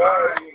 Amen.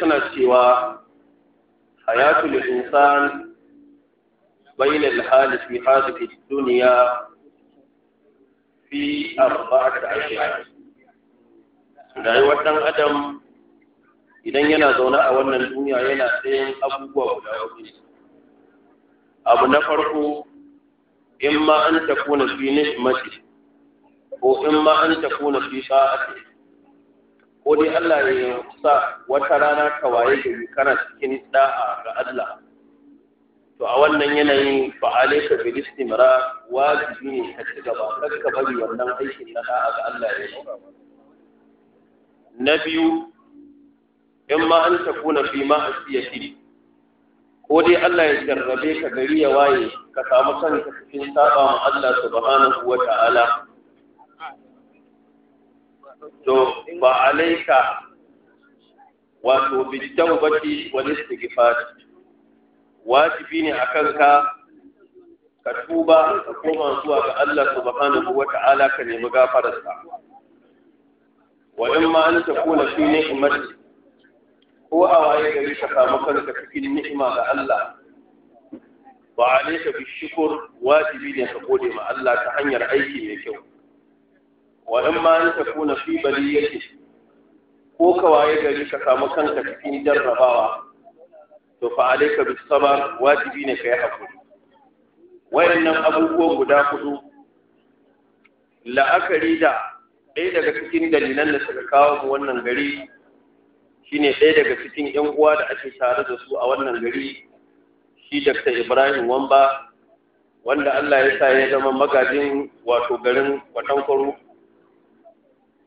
suna cewa hayatul insan بين الحال في هذه الدنيا في أربعة أشياء rayuwar ɗan adam idan yana zaune a wannan duniya yana tsayin abubuwa guda hudu abu na farko in ma an tafi na fi nishmati ko in ma an tafi na fi sa'ati ko dai Allah ya sa wata rana ka waye yi kana cikin da'a ga Allah to a wannan yanayin fa alayka bil istimra wajibi ne ka ci gaba kar ka bari wannan aikin na da'a ga Allah ya yi na biyu in ma an kuna fi shiri ko dai Allah ya jarrabe ka gari ya waye ka samu kanka cikin saɓa ma Allah subhanahu wa ta'ala to ba alaika wato bitawbati wal istighfar wajibi ne akan ka ka tuba ka koma zuwa ga Allah subhanahu ta'ala ka nemi gafararsa wa in ma an takuna fi ni'mati ko a waye gari ka samu kanka cikin ni'ima ga Allah ba alaika bi shukr wajibi ne ka gode ma Allah ta hanyar aiki mai kyau wa in ma an takuna fi baliyati ko kawaye gari ka samu kanka cikin jarrabawa to fa alayka bis sabr wajibi ne kai hakuri wayannan abubuwan guda hudu la'akari da ɗaya daga cikin dalilan da suka kawo mu wannan gari shine ɗaya daga cikin 'yan uwa da ake tare da su a wannan gari shi Dr. Ibrahim Wamba wanda Allah ya sa ya zama magajin wato garin Kwatankwaro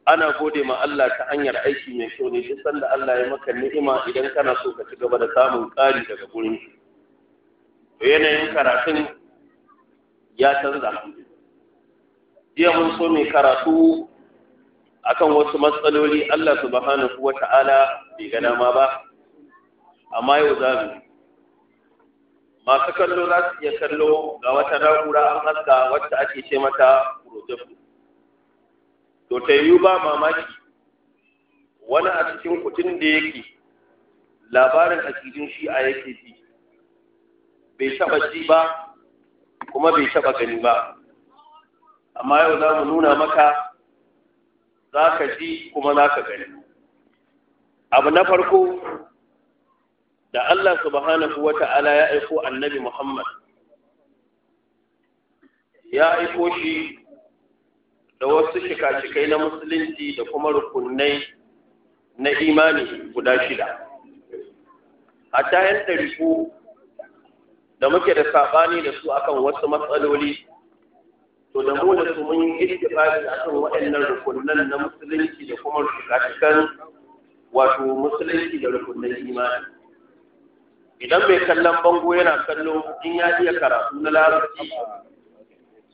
ana gode ma Allah ta hanyar aiki mai kyau ne duk sanda Allah ya maka ni'ima idan kana so ka ci gaba da samun ƙari daga gurin shi to yanayin karatun ya canza jiya mun so mai karatu akan wasu matsaloli Allah subhanahu wa ta'ala bai ga dama ba amma yau za mu masu kallo za su iya kallo ga wata na'ura an haska wacce ake ce mata projector to ta yi ba mamaki wani a cikin kutun da yake labarin cikin shi a yake ji bai taba ji ba kuma bai taba gani ba amma yau za mu nuna maka za ka ji kuma za ka gani abu na farko da Allah subhanahu wa ta'ala ya aiko annabi Muhammad ya aiko shi da wasu shika-shikai na musulunci da kuma rukunai na imani guda shida a tayan ɗariku da muke da saɓani da su akan wasu matsaloli to da mu da su mun yi ittifaqi akan waɗannan rukunan na musulunci da kuma shika wato musulunci da rukunan imani idan mai kallon bango yana kallo in ya iya karatu na larabci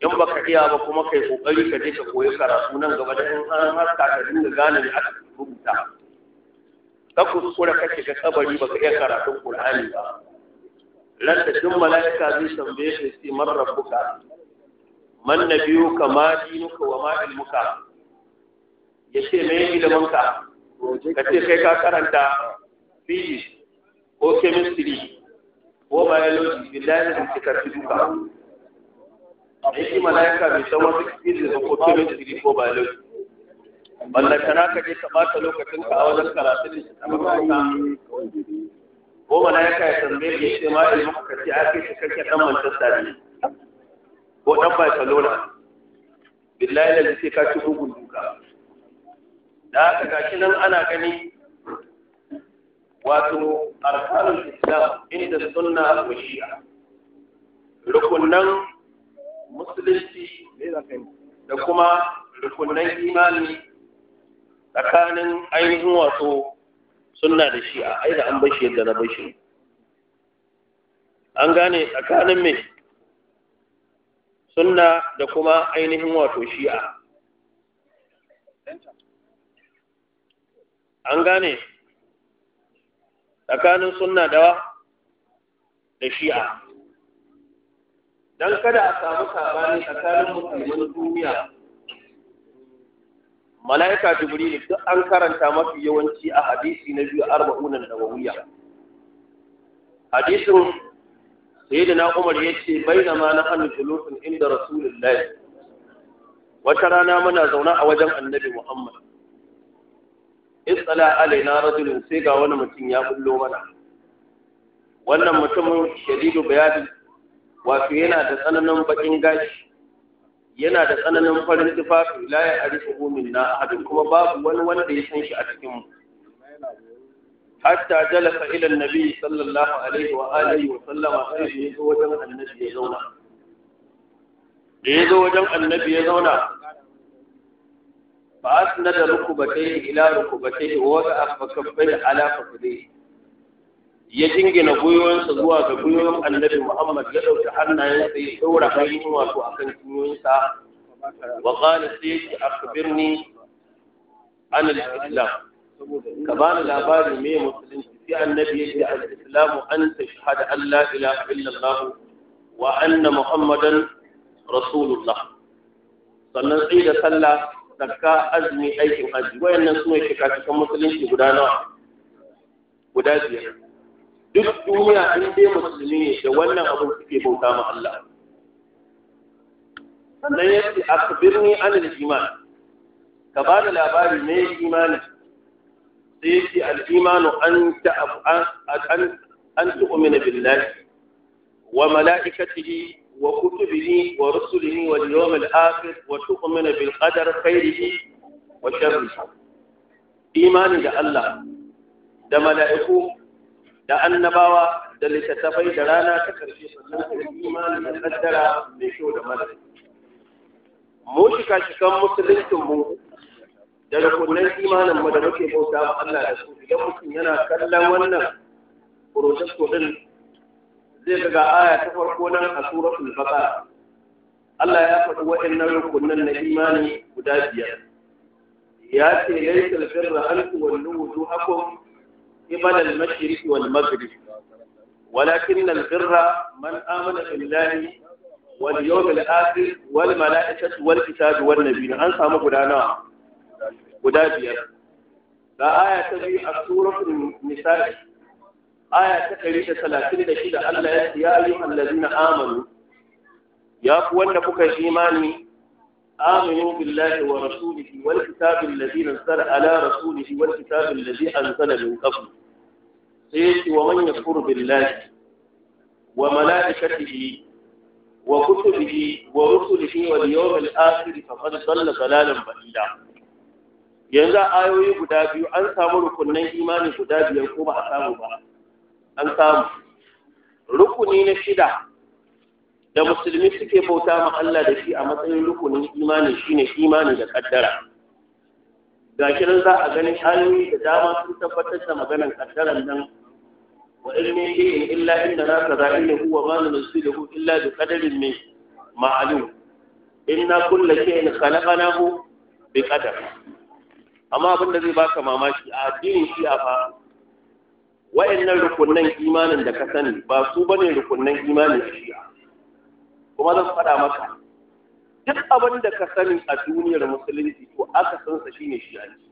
in ka iya ba kuma kai kokari ka je ka koyi karatu nan gaba da in an haska ka dinga gane da aka rubuta ka kuskura ka shiga kabari ka iya karatun Qur'ani ba lanta duk malaika zai tambaye ka sai man rabbuka man nabiyuka ma dinuka wa ma ilmuka yace me ilmanka ka ce kai ka karanta physics ko chemistry ko biology billahi da kika duka da mala'ika malaika bai san wasu kiri da ko jiri ko biology balla kana ka je ka bata lokacin ka a wajen karatu da shi a makaranta ko malaika ya tambaye ya ce ma ilmi ka ce ake cikakken dan Manchester ne ko dan Barcelona billahi da sai ka ci bugun duka da haka gashi nan ana gani wato arkanul islam inda sunna wa shi'a rukunan musulunci da kuma rukunan imani tsakanin ainihin wato suna da shi'a a aida an bashi yadda na bashi an gane tsakanin mai suna da kuma ainihin wato shi'a an gane tsakanin suna da da shi'a don kada a samu sabani tsakanin musulman duniya mala'ika jibril duk an karanta mafi yawanci a hadisi na biyu arba'unan nawawiya hadisin sayyidina umar yace bainama na hannu julusun inda rasulullahi wata rana muna zaune a wajen annabi muhammad isala alaina rajulun sai ga wani mutum ya bullo mana wannan mutumin shadidu bayani wato yana da tsananin bakin gashi yana da tsananin farin tufafi la ya arifu na ahadin kuma babu wani wanda ya san shi a cikin mu hatta jalasa ila nabi sallallahu alaihi wa alihi wa sallama sai ya zo wajen annabi ya zauna da ya zo wajen annabi ya zauna fa asnada rukubatayhi ila rukubatayhi wa wada'a fakabbayna ala fakadayhi ya jingina gwiwansa zuwa ga gwiwan annabi Muhammad ya ɗauki hannayensa ya ɗaura ainihin wato a kan gwiwansa wa ƙala sai ya ce akbirni an al-islam ka bani labari me musulunci sai annabi ya ce al-islam an tashhada an la ilaha illallah wa anna muhammadan rasulullah sannan sai da sallah zakka azumi aikin hajji wayannan sune shika cikin musulunci guda nawa guda biyar duk duniya in dai musulmi ne da wannan abin suke bauta ma Allah sannan ya ce akbirni anil iman ka ba da labari ne imani sai ya ce al imanu an ta an an tu'mina billahi wa mala'ikatihi وكتبه ورسله واليوم الآخر وتؤمن بالقدر wa وشره إيمان da Allah, da mala'iku. da annabawa da littattafai da rana ta ƙarshe sannan da imani da kaddara mai kyau da mara mu shika shikan musulunci mu da rukunan imanin mu da muke bauta wa Allah da su idan mutum yana kallon wannan protesto din zai ga aya ta farko nan a suratul baqara Allah ya faɗi waɗannan rukunan na imani guda biyar ya ce laysal birra an tuwallu wujuhakum قبل المشرق والمغرب ولكن البر من آمن بالله واليوم الآخر والملائكة والكتاب والنبيين أنسى مقدانا قدابيا لا آية تبي سورة النساء آية تقريبا ثلاثين دقيقة الله يا أيها الذين آمنوا يا أخوان بك إيماني آمنوا بالله ورسوله والكتاب الذي نزل على رسوله والكتاب الذي أنزل من قبل سيأتي ومن يكفر بالله وملائكته وكتبه ورسله واليوم الآخر فقد ضل ضلالا بعيدا yanzu ayoyi guda biyu an samu rukunin imani guda biyar ko ba a samu ba an samu rukuni na shida da musulmi suke bauta ma Allah da shi a matsayin rukunin imani shine imani da kaddara ga shi za a gani ayoyi da dama sun tabbatar da maganar kaddaran nan wa ilmi shay'in illa inda na kaza'inu huwa ma nunzilu illa bi qadarin min ma'lum inna kulla shay'in khalaqnahu bi qadar amma abin da zai baka mamaki a addinin shi a fa wa'annan rukunnan imanin da ka sani ba su bane rukunnan imanin shi'a kuma zan faɗa maka duk abin da ka sani a duniyar musulunci to aka san sa shine shi'anci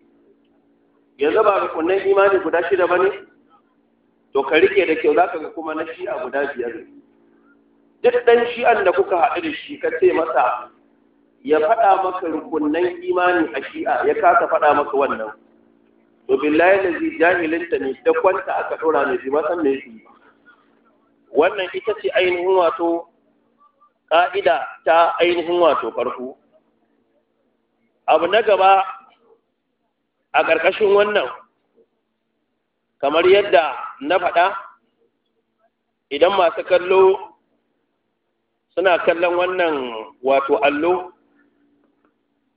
yanzu ba kunnan imani guda shida bane to ka rike da kyau zaka ga kuma na shi'a guda biyar duk dan shi'an da kuka haɗu da shi ka ce masa ya faɗa maka rukunan imani a shi'a ya kasa faɗa maka wannan to billahi lazi jahilinta ne da kwanta aka ɗora ne zai masan me wannan ita ce ainihin wato ƙa'ida ta ainihin wato farko abu na gaba a ƙarƙashin wannan kamar yadda na faɗa idan masu kallo suna kallon wannan wato allo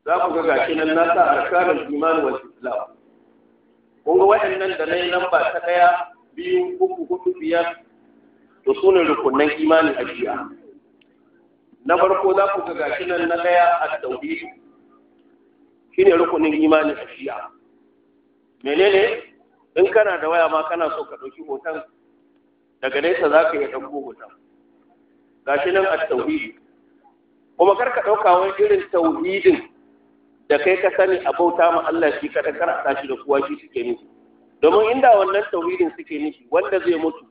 za ku ga gashi nan na sa arkanin imani wa islam kun ga waɗannan da na yi lamba ta ɗaya biyu uku hudu biyar to sunan rukunan imanin a jiya na farko za ku ga gashi nan na daya a tauhid ne rukunin imani a shi'a menene in kana da waya ma kana so ka dauki hoton daga nesa za ka iya dauko hoton gashi nan a tauhid kuma kar ka dauka wani irin tauhidin da kai ka sani a bauta ma Allah shi kada kar a tashi da kowa shi suke nufi domin inda wannan tauhidin suke nufi wanda zai mutu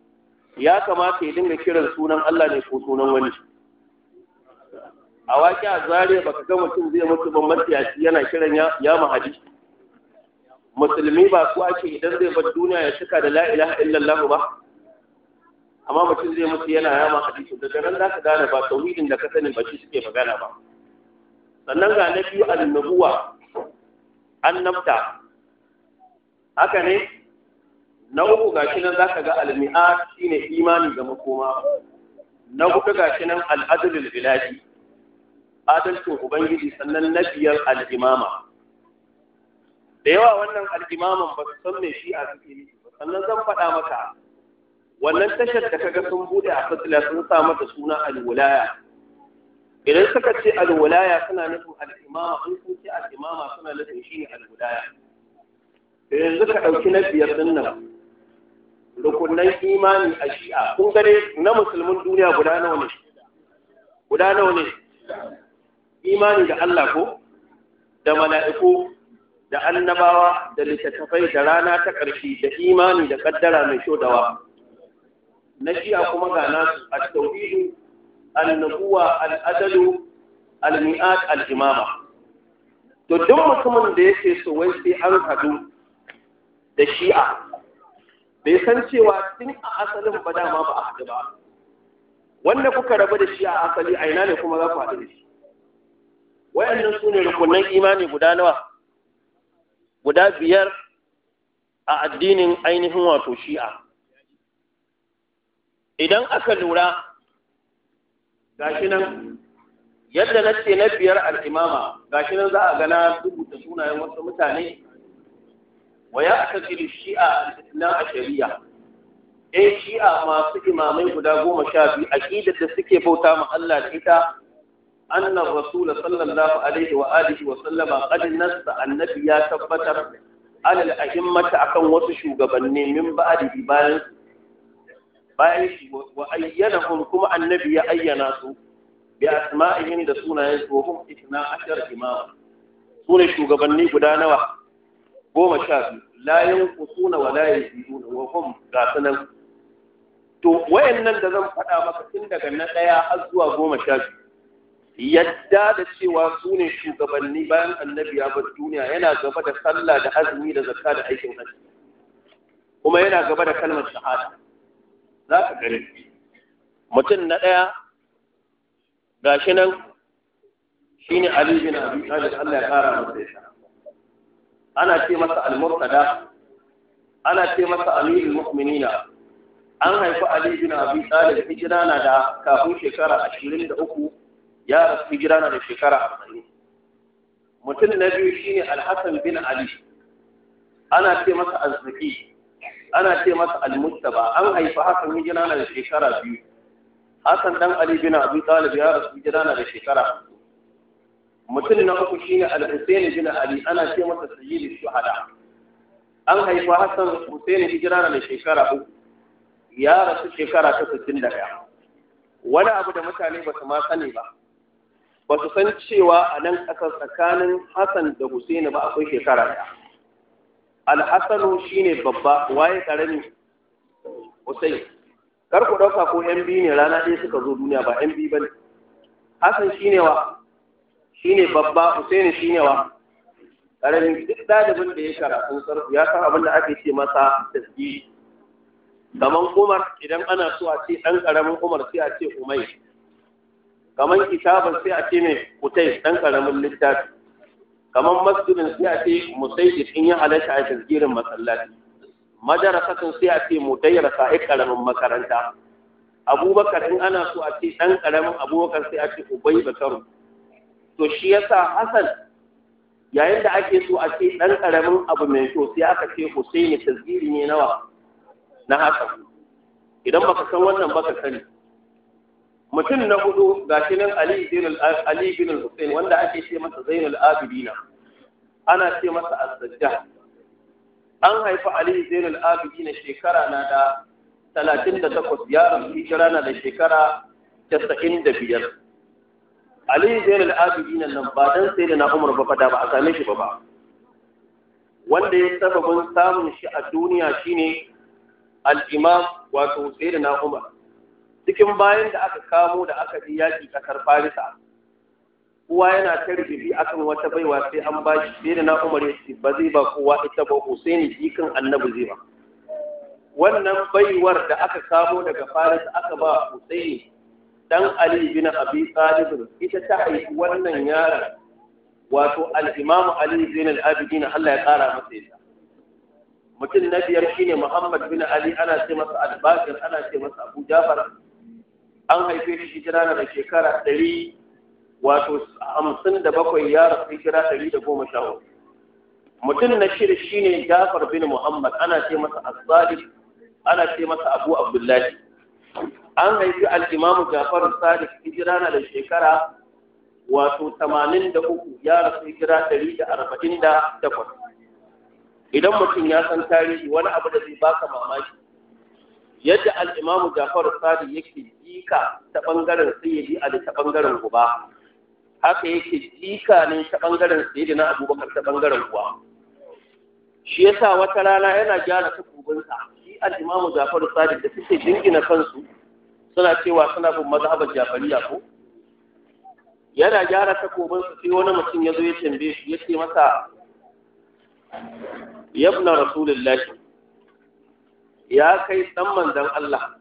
ya kamata ya dinga kiran sunan Allah ne ko sunan wani a waƙi a ba baka ga mutum zai mutu ban shi, yana kiran ya mahadi musulmi ba ku ake idan zai bar duniya ya cika da la'ila illallah ba amma mutum zai mutu yana ya mahadi to daga nan za ka gane ba tauhidin da ka sani ba shi suke magana ba sannan ga na biyu annabuwa annabta haka ne na uku ga shi nan za ka ga almi'a ne imani ga makoma na uku ga shi nan al'adulul biladi adalcin ubangiji sannan na biyar al'imama da yawa wannan al'imaman ba su san me shi a cikin sannan zan faɗa maka wannan tashar da kaga sun bude a fasila sun sa mata suna alwulaya idan suka ce alwulaya suna nufin al'imama in sun ce al'imama suna nufin shi ne alwulaya da yanzu ka ɗauki na biyar ɗin nan rukunan imani a shi'a kun gane na musulmin duniya guda nawa ne guda nawa ne imani da Allah ko da mala'iku da annabawa da littattafai da rana ta ƙarshe da imani da ƙaddara mai shodawa na shiya kuma ga nasu a tauhidu annabuwa al'adalu al-mi'at al-imama to duk mutumin da yake so wai sai an hadu da shi'a bai san cewa tun a asalin ba dama ba a haɗu ba wanda kuka rabu da shi a asali a ina ne kuma za ku haɗu da shi wayannan su ne rukunan imani guda nawa guda biyar a addinin ainihin wato shi'a idan aka lura gashi nan yadda na ce na biyar al'imama gashi nan za a gana rubuta sunayen wasu mutane wa ya aka kiri shi'a na a shari'a ‘yan eh, shi'a masu imamai guda goma sha biyu aƙidar da suke bauta ma Allah da ita أن الرسول صلى الله عليه وآله وسلم قد نص النبي يا تبتر على الأئمة أكون وسشو قبني من بعد إبان وأينهم كما النبي أيناسوا بأسمائهم دسونا يسوهم إثنى عشر إماما سونا شو قبني قدانوا قوم شاب لا ينقصون ولا يزيدون وهم قاتلوا to wayannan da zan faɗa maka tun daga na ɗaya har zuwa goma sha biyu yadda da cewa su ne shugabanni bayan annabi ya bar duniya yana gaba da sallah da azumi da zakka da aikin hajji kuma yana gaba da kalmar shahada za ka gani mutum na ɗaya shi nan ne Ali bin Abi Talib Allah ya kara masa yasa ana ce masa al-murtada ana ce masa amirul mu'minina an haifi Ali bin Abi Talib hijira na da kafin shekara 23 ya rasu hijira na da shekara arba'in mutum na biyu shine alhassan bin ali ana ce masa azzaki ana ce masa almustaba an haifi hasan hijira na da shekara biyu hasan dan ali bin abi talib ya rasu hijira na da shekara mutum na uku shine al-husayn bin ali ana ce masa sayyidu shuhada an haifi hasan husayn hijira na da shekara uku ya rasu shekara ta 61 wani abu da mutane ba su ma sani ba ba su san cewa a nan ƙasar tsakanin Hassan da Husaini ba akwai shekara ɗaya. Alhassanu shi ne babba waye ƙarami Husaini. Kar ku ɗauka ko ‘yan biyu ne rana ɗaya suka zo duniya ba ‘yan biyu ba ne. Hassan shi ne wa? Shi ne babba Husaini shi ne wa? Ƙaramin duk ɗalibin da ya karatun sarku ya san abin da ake ce masa tasgiri Kamar Umar idan ana so a ce ɗan ƙaramin Umar sai a ce umai kamar kitabar sai a ce mai kutai ɗan ƙaramin littafi kamar masjidin sai a ce musaidin in ya halatta a tasgirin masallaci madarasatun sai a ce mutayyar sa'i ƙaramin makaranta abubakar in ana so a ce ɗan ƙaramin abubakar sai a ce ubai bakaru to shi yasa hasan yayin da ake so a ce ɗan ƙaramin abu mai kyau sai aka ce husaini tasgiri ne nawa na hasan idan baka san wannan baka sani mutum na hudu gashi nan Ali bin Ali bin Hussein wanda ake ce masa Zainul Abidina ana ce masa Az-Zajjah an haifi Ali Zainul Abidina shekara na da 38 yaron hijira na da shekara 95 Ali Zainul Abidina nan ba dan sai da na Umar ba fada ba a same shi ba ba wanda ya sababin samun shi a duniya shine al-Imam wato sai da na Umar cikin bayan da aka kamo da aka yi yaƙi ƙasar farisa kowa yana ta rigibi akan wata baiwa sai an ba shi sai da na umar ya ce ba zai ba kowa ita ba husaini jikan annabi zai ba wannan baiwar da aka kamo daga farisa aka ba husaini dan ali bin abi talib ita ta haifi wannan yaron wato al imam ali al abidin Allah ya kara masa ita. mutum na biyar shine muhammad bin ali ana ce masa al ana ce masa abu jafar an haife shi hijira na da shekara ɗari wato hamsin da bakwai ya rasu hijira ɗari da goma sha hudu mutum na shi ne jafar bin muhammad ana ce masa asali ana ce masa abu abdullahi an haifi al'imamu jafar sadiq hijira na da shekara wato tamanin da uku ya rasu hijira ɗari da arba'in da takwas idan mutum ya san tarihi wani abu da zai baka mamaki yadda al'imamu Ja'far sadi yake jika ta ɓangaren sayyidi Ali ta ɓangaren uba haka yake jika ne ta ɓangaren sayyidi na Abubakar ta ɓangaren uwa shi yasa wata rana yana gyara takubinsa shi al'imamu Ja'far sadi da suke jingina kansu suna cewa suna bin mazhabar Ja'fariya ko yana gyara takobinsa sai wani mutum ya zo ya tambaye shi ya ce masa yabna rasulullahi ya kai dan manzon Allah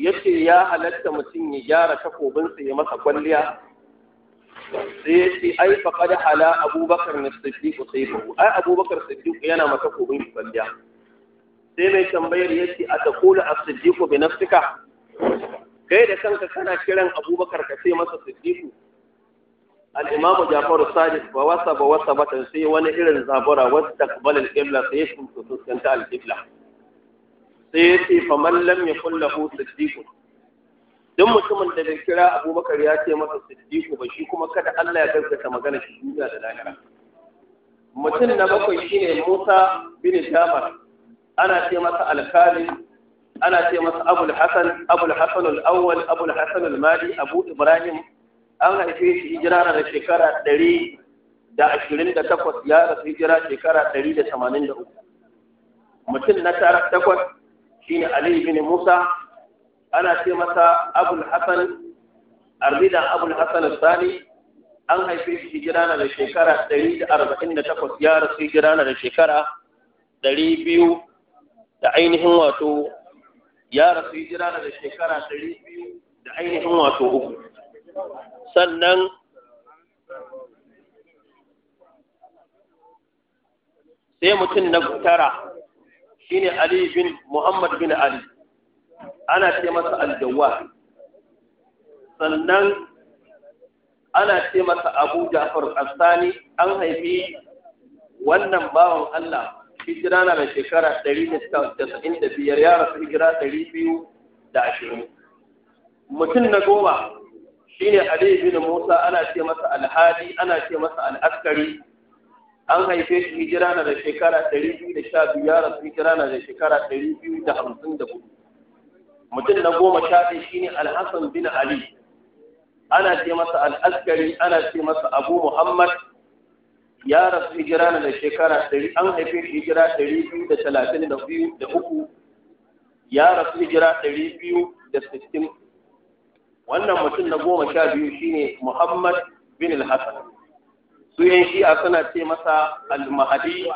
yace ya halatta mutum ya gyara takobinsa ya masa kwalliya sai ya ce ai faqad hala abubakar na siddiq ku ai abubakar siddiq yana masa takobin kwalliya sai mai tambayar yace a taqulu as-siddiq bi nafsika kai da kanka kana kiran abubakar ka sai masa siddiq al جعفر Ja'far ba wasa ba wasa ba ta القبلة wani irin zabura wasta فمن لم qibla له ya دم al sai ya ce fa mutumin da bai kira Abubakar ya ce masa siddiqu ba shi kuma kada Allah ya gaskata magana shi duniya da lahira mutum na bakwai shine Musa bin Jamar ana ce masa alkali ana ce masa Abul Hasan Abul Hasan al mali Abu Ibrahim an haife shi hijira na shekara ɗari da ashirin da takwas ya rasu hijira shekara ɗari da tamanin da uku mutum na tara takwas shine ali bin musa ana ce masa abul hasan arzida abul hasan sani an haife shi hijira na da shekara ɗari da arba'in da takwas ya rasu hijira na da shekara ɗari biyu da ainihin wato ya rasu hijira na da shekara ɗari biyu da ainihin wato uku sannan sai mutum na tara shine Ali bin Muhammad bin Ali ana ce masa aljawa sannan ana ce masa Abu Ja'far Asani an haifi wannan bawan Allah hijira na da shekara 195 ya rasu hijira 220 mutum na goma shine Aliyu bin Musa ana ce masa alhadi ana ce masa al'askari an haife shi hijira na da shekara 212 ya rasu hijira na da shekara 254 mutum na goma sha shi shine alhassan bin Ali ana ce masa al'askari ana ce masa abu Muhammad ya rasu hijira na da shekara 100 an haife shi hijira 232 ya rasu hijira sittin. wannan mutum na goma sha biyu shine Muhammad bin al-Hasan su yan shi'a suna ce masa al-Mahdi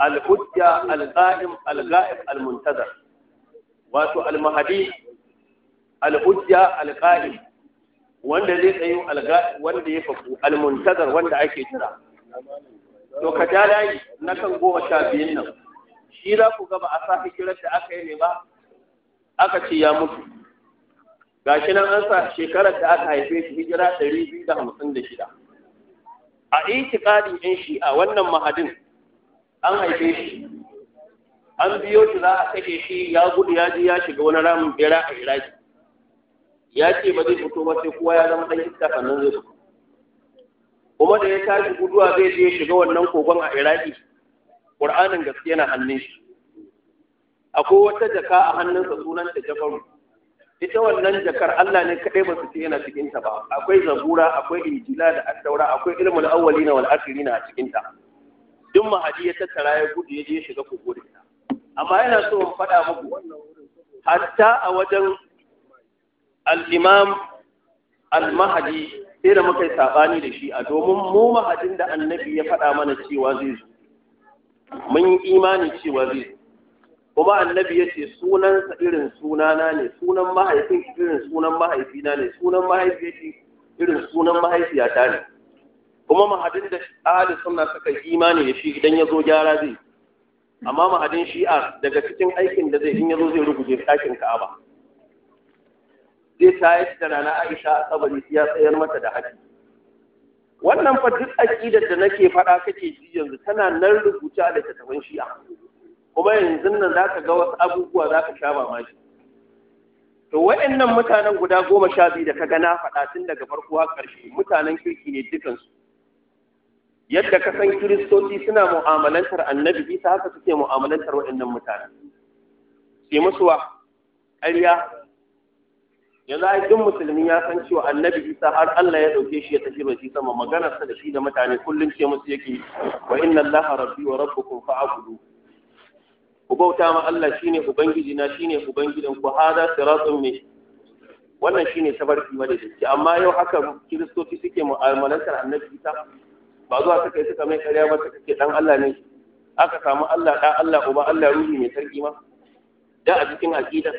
al-Hujja al-Qa'im al-Ghaib al-Muntazir wato al-Mahdi al-Hujja al-Qa'im wanda zai tsayo al-Ghaib wanda ya fafu al-Muntazir wanda ake jira to ka ja layi na kan goma sha biyun nan shi za ku ga ba a sa kiran da aka yi ne ba aka ce ya mutu shi nan an sa shekarar da aka haife shi hijira ɗari biyu da hamsin da shida a ɗin shi a wannan mahadin an haife shi an biyo shi za a kashe shi ya gudu ya ji ya shiga wani ramin bera a iraki ya ce ba zai fito ba sai kowa ya zama ɗan iska sannan zai fito kuma da ya tashi guduwa zai je shiga wannan kogon a iraki ƙur'anin gaske na hannun shi akwai wata jaka a hannunsa sunanta jafaru ita wannan jakar Allah ne kaɗai ba su ce yana cikin ba akwai zabura akwai injila da addaura akwai ilmul awwalina wal akhirina a cikin ta duk mahadi ya tattara ya gudu ya je shiga kogo amma yana so in faɗa muku hatta a wajen al-imam al-mahdi sai da muka yi sabani da shi a domin mu mahadin da annabi ya faɗa mana cewa zai zo mun imani cewa zai zo kuma annabi ya ce sunansa irin sunana ne sunan mahaifin irin sunan mahaifina ne sunan ce irin sunan mahaifiyata ne kuma mahadin da ahli sunna suka imani da shi idan ya zo gyara zai amma mahadin shi'a daga cikin aikin da zai in ya zo zai rubuce ɗakin ka'aba zai yi da rana aisha a tsabari ya tsayar mata da haji wannan fa duk aƙidar da nake faɗa kake ji yanzu tana nan rubuta da littattafan shi'a kuma yanzu nan za ka ga wasu abubuwa za ka sha mamaki to wa'annan mutanen guda goma sha biyu da ka ga na faɗa tun daga farko har ƙarshe mutanen kirki ne dukansu yadda ka san kiristoci suna mu'amalantar annabi isa haka suke mu'amalantar wa'annan mutanen sai musu wa ƙarya yanzu ai duk musulmi ya san cewa annabi isa har Allah ya dauke shi ya tafi ba shi sama maganarsa da shi da mutane kullum ce musu yake wa inna allaha rabbi wa rabbukum fa'budu ku bauta ma Allah shine ubangiji na shine ubangidan ku hada siratun ne? wannan shine tabarki madaidaici amma yau haka kiristoci suke mu'amalantar annabi Isa ba zuwa suka yi suka mai karya ba suka ce dan Allah ne aka samu Allah da Allah uba Allah ruhi mai sarki ma da a cikin aqida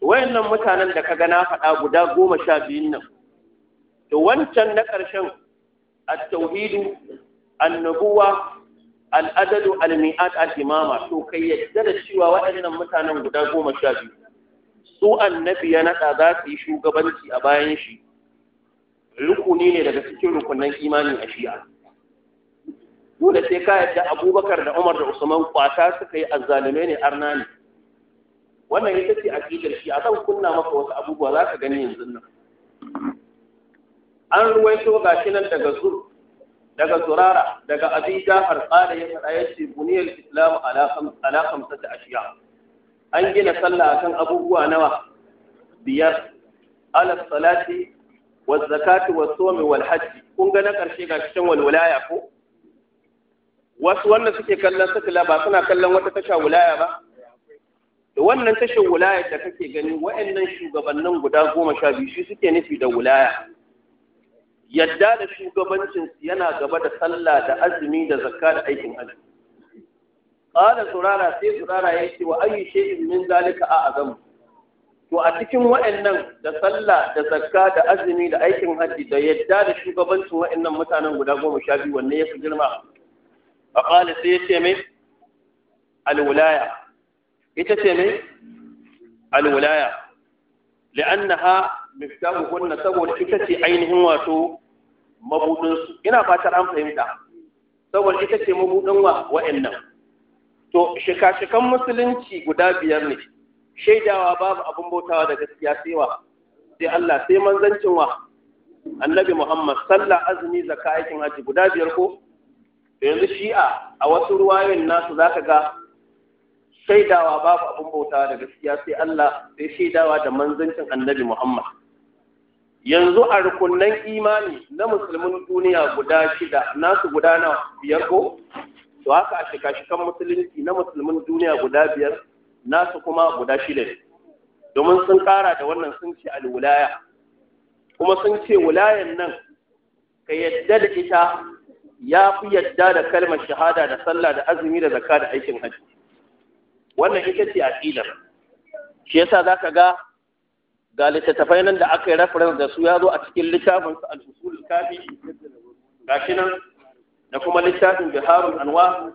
wayannan mutanen da ka ga na faɗa guda goma sha biyun nan to wancan na ƙarshen at-tauhidu annabuwa al'adadu al Alimama, to kai yadda da cewa waɗannan mutanen guda goma sha biyu su annabi ya naɗa za su yi shugabanci a bayan shi rukuni ne daga cikin rukunan imani a shi'a dole sai ka yadda abubakar da umar da usman kwata suka yi azzalume ne arna ne wannan ita ce shi a zan kunna maka wasu abubuwa za ka gani yanzu nan an ruwaito shi nan daga zur daga turara daga abin jafar tsara ya faɗa ya ce buniyar islam ala kamsa ta ashiya an gina sallah akan abubuwa nawa biyar ala salati wa zakati wa somi wal hajji kun ga na ƙarshe ga cikin walwalaya ko wasu wannan suke kallon sakila ba suna kallon wata tasha wulaya ba da wannan tashin wulaya da kake gani wa'annan shugabannin guda goma sha biyu shi suke nufi da wulaya yadda da shugabancin yana gaba da sallah da azumi da zakka da aikin hajji qala surara sai surara yace wa ayyu shay'in min zalika a azam to a cikin wa'annan da sallah da zakka da azumi da aikin hajji da yadda da shugabancin wa'annan mutanen guda goma sha biyu wanne ya fi girma fa qala sai yace mai alwilaya ita ce mai alwilaya li'annaha miftahu kunna saboda ita ce ainihin wato mabudin su ina fatar an fahimta saboda ita ce mabudin wa wa'annan to shika-shikan musulunci guda biyar ne shaidawa babu abin bautawa da gaskiya sai wa sai Allah sai manzancin wa annabi Muhammad sallah azumi zakka aikin haji guda biyar ko yanzu shi'a a wasu ruwayoyin nasu zaka ga shaidawa babu abin bautawa da gaskiya sai Allah sai shaidawa da manzancin annabi Muhammad yanzu a rukunnan imani na musulmin duniya guda shida nasu guda na biyar ko to haka a shika-shikan musulunci na musulmin duniya guda biyar nasu kuma guda shida ne domin sun kara da wannan sun ce alwulaya kuma sun ce wulayan nan ka yadda da ita ya fi yadda da kalmar shahada da sallah da azumi da zakka da aikin hajji wannan ita ce aqidar shi yasa zaka ga ga littattafai nan da aka yi reference da su ya zo a cikin littafin su al-usul kafi shi nan da kuma littafin biharul anwa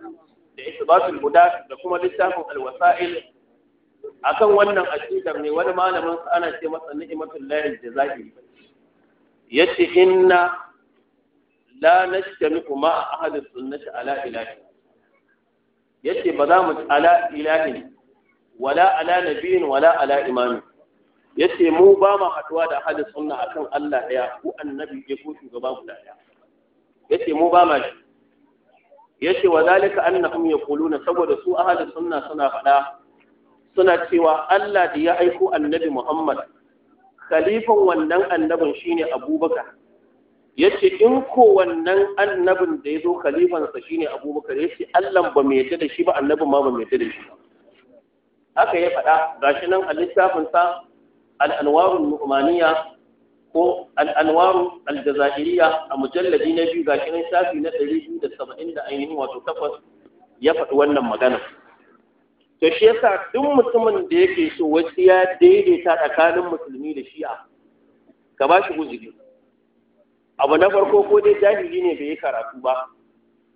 da isbatul huda da kuma littafin al-wasail akan wannan aqidar ne wani malamin sa ana ce masa ni'matul lahi jazai yace inna la nastami'u ma ahadus sunnati ala ilahi yace ba za mu ala ilahi wala ala nabiyin wala ala imamin ya ce mu ba ma haɗuwa da ahalin sunna akan Allah ɗaya ko annabi ya ko shugaba guda ɗaya ya ce mu ba ma shi ya ce wa zalika annahum yaquluna saboda su ahalin sunna suna faɗa suna cewa Allah da ya aiko annabi Muhammad khalifan wannan annabin shine Abubakar ya ce in ko wannan annabin da ya zo khalifansa shine Abubakar ya ce Allah ba mai yadda da shi ba annabin ma ba mai yadda da shi ba haka ya faɗa gashi nan a littafinsa الانوار النعمانيه ko al aljazairiya a mujalladi na biyu ga kiran shafi na ɗari biyu da saba'in ainihin wato takwas ya faɗi wannan magana to shi yasa duk mutumin da yake so wasu ya daidaita tsakanin musulmi da shi'a ka ba shi uzuri abu na farko ko dai jahili ne bai yi karatu ba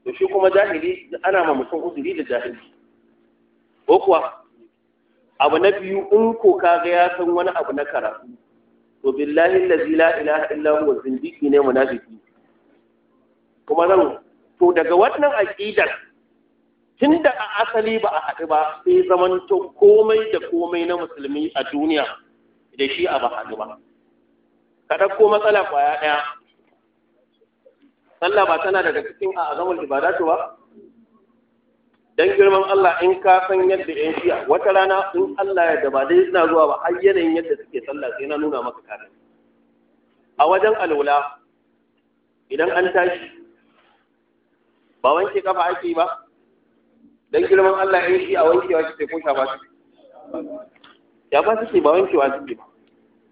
to shi kuma jahili ana ma mutum uzuri da jahili ko kuwa abu na biyu in ko ga ya san wani abu na karatu to billahi allazi la ilaha illa huwa zindiki ne munafiki kuma nan to daga wannan aqidar tunda a asali ba a haɗu ba sai zamanto komai da komai na musulmi a duniya da shi a ba haɗu ba ka ko matsala kwaya ɗaya sallah ba tana daga cikin a azamul ibadatu ba dan girman Allah in ka san yadda ɗan shiya wata rana in Allah ya ba dai suna zuwa ba har yanayin yadda suke sallah sai na nuna maka kare a wajen alwala idan an tashi ba wanke kafa ake ba dan girman Allah in a wanke wankewa kike ko shafa shi ya ba suke ba wankewa suke ba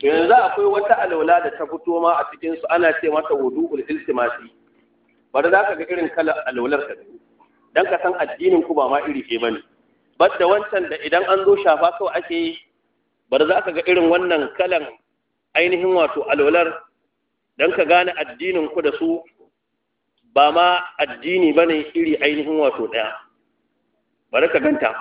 to yanzu akwai wata alwala da ta fito ma a cikin su ana ce mata wudu'ul iltimasi bari za ka ga irin kalar alwalar ka dan ka san addinin ku ba ma iri ke bane da wancan da idan an zo shafa kawai ake yi bar za ka ga irin wannan kalan ainihin wato alolar dan ka gane addinin ku da su ba ma addini bane iri ainihin wato ɗaya bari ka ganta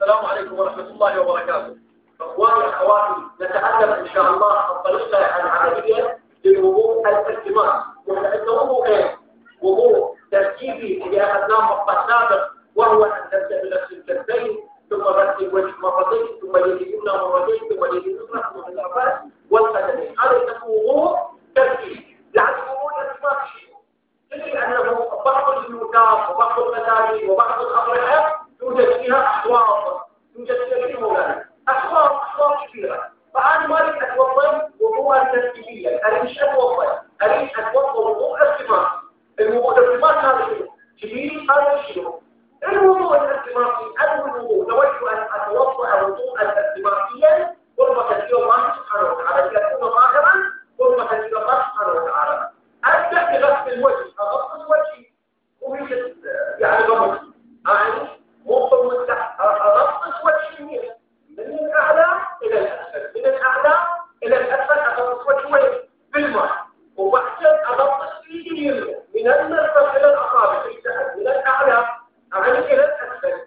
السلام عليكم ورحمة الله وبركاته. أخواني وأخواتي نتعلم إن شاء الله الطريقة العملية للوضوء الاجتماعي ولأن وضوء ايه؟ وضوء تركيبي اللي اخذناه مقطع سابق وهو ان تبدا بنفس الكفين ثم غسل وجه مرتين ثم يد اليمنى مرتين ثم يد اليسرى ثم الاربعه والقدمين هذا يسمى وضوء تركيبي لعل الوضوء الاجتماعي شيء تدري انه بعض البيوتات وبعض المساجد وبعض الاضرحه توجد فيها احواض توجد فيها مولانا احواض احواض كبيره فأنا مالك أتوضأ وضوء التسليمية أنا مش أتوضأ أريد أتوضأ وضوء التماس الوضوء التماس هذا شنو؟ جميل هذا شنو؟ الوضوء الالتماسي أو الوضوء نود أن أتوضأ وضوء الالتماسيا قربة إلى الله سبحانه وتعالى لأكون ظاهرا قربة إلى الله سبحانه وتعالى أبدأ بغسل الوجه أغسل وجهي ويوجد يعني غمض يعني مو أغسل وجهي الأعلى إلى الأسفل من الأعلى إلى الأسفل أغطس وجهي بالماء وبعدين أغطس فيه اليمنى من المرفق إلى الأصابع من الأعلى أعلى إلى الأسفل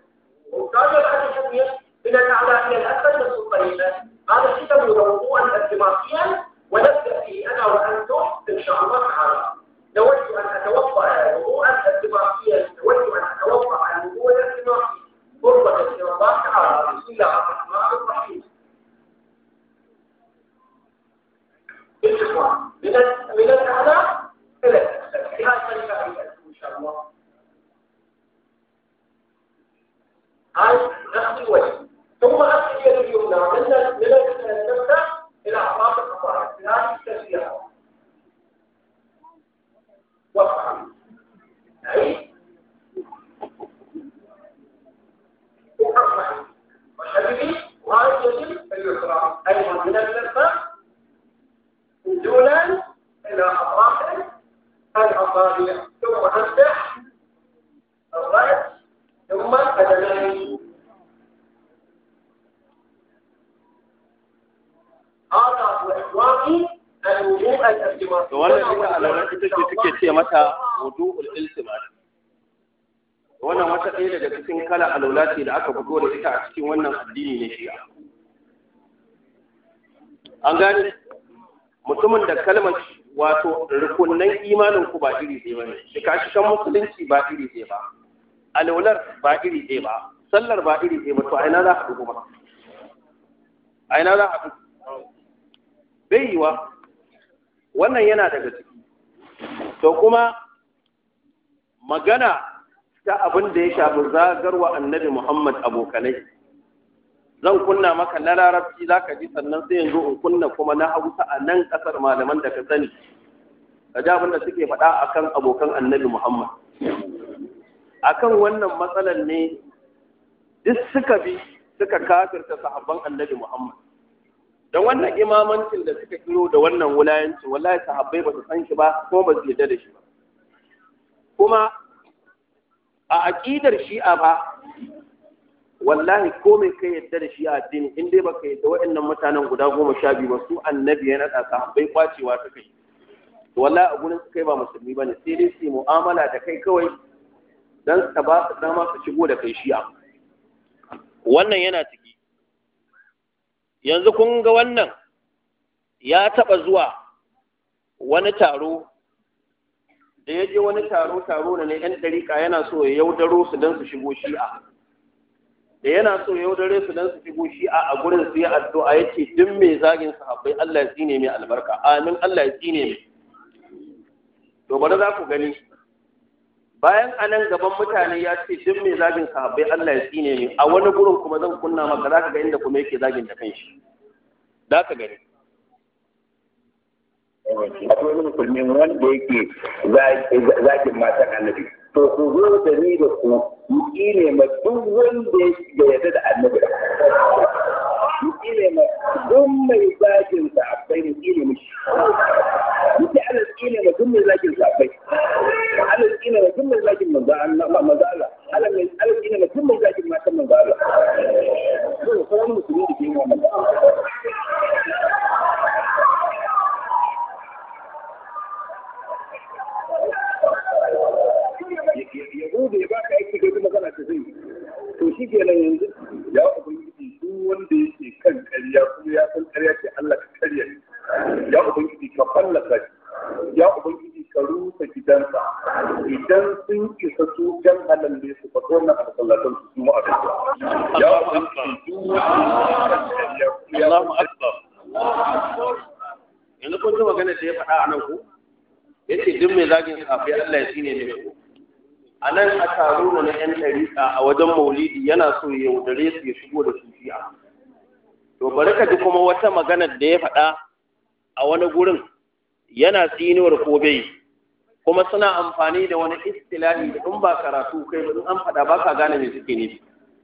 وكان الحديث من الأعلى إلى الأسفل نفس الطريقة هذا الشيء تبدو وضوءا دماغيا ونبدأ فيه أنا وأنتم إن شاء الله تعالى نود أن أتوقع وضوءا دماغيا نود أن أتوقع الوضوء الدماغي قربة إلى الله تعالى بسم الله الرحمن الإخوان من من الأعلى إلى الأسفل في هذا الكلمة إن شاء الله قال نخذ الوجه ثم نخذ اليد اليمنى من من النبتة إلى أطراف القطاع في هذه التسوية وقع أي وحبيبي وهذا يجب أن يحرم أيضا من النبتة جولا إلى الراحل العطارية ثم أفتح الرأس ثم القدمين أعطى إخواني الوضوء الالتماس. wannan ita ce take ce mata wudu'ul iltimas. wannan wata ɗaya daga cikin kala alwala ce da aka fito da ita a cikin wannan addini na shi'a an gane mutumin da kalmar wato rukunnan imanin ku ba iri ɗaya ba ne shikashikan musulunci ba iri ɗaya ba alaular ba iri ɗaya ba sallar ba iri ɗaya ba to a ina za a kuma a ina za a dubu bai yiwa wannan yana daga ciki to kuma magana ta abin da ya shafi zagarwa annabi muhammad abokanai zan kunna maka na larabci za ka ji sannan sai yanzu in kunna kuma na hausa a nan ƙasar malaman da ka sani ka ji abin suke faɗa a kan abokan annabi muhammad a kan wannan matsalar ne duk suka bi suka kafirta sahabban annabi muhammad da wannan imamancin da suka kiro da wannan wulayanci wallahi sahabbai ba su san shi ba ko ba su yarda da shi ba kuma a aƙidar shi'a ba wallahi ko mai kai yadda da shi a addini in dai baka yadda waɗannan mutanen guda goma sha biyu ba su annabi ya naɗa bai kwacewa ta kai wallahi a gurin su kai ba musulmi ba ne sai dai su mu'amala da kai kawai don ta ba su dama su shigo da kai shi'a wannan yana ciki yanzu kun ga wannan ya taɓa zuwa wani taro da ya je wani taro taro na ne 'yan ɗarika yana so ya yaudaro su don su shigo shi'a da yana so yau dare su dan su shigo shi a gurin su yi addu'a yace duk mai zagin sahabbai Allah ya tsine mai albarka amin Allah ya tsine mai to bari za ku gani bayan anan gaban mutane ya ce duk mai zagin sahabbai Allah ya tsine mai a wani gurin kuma zan kunna maka "Za ka ga inda kuma yake zagin da kanshi "Za ka gani a wani musulmi wanda yake zagin matan annabi to ku zo da ni da ku mu ne ma duk wanda ya yarda da annabi yi ne ma duk mai zagin sa abai mu ne mu mu ce Allah ne ma duk mai zakin sa Allah ne ma duk mai zagin manzo Allah manzo Allah Allah ne ma duk mai zagin matan Allah to ko wani ya gobe ya baka aiki ga magana ta zai to shi kenan yanzu ya ubangiji duk wanda yake kan ƙarya kuma ya san ƙarya ce Allah ka karya ya ubangiji ka fallasa shi ya ubangiji ka rusa gidansa idan sun isa su jan halal ne su faɗo na a su kuma a ya ubangiji duk wanda yake kan ƙarya kuma ya san yanzu kun ji magana da ya faɗa a nan ku yace duk mai zagin safi Allah ya tsine mai ku a nan a taro na 'yan ɗariƙa a wajen maulidi yana so ya yaudare su ya shigo da su to bari ka ji kuma wata magana da ya faɗa a wani gurin yana tsinuwar ko bai kuma suna amfani da wani istilahi da in ba karatu kai ba an faɗa ba ka gane me suke nufi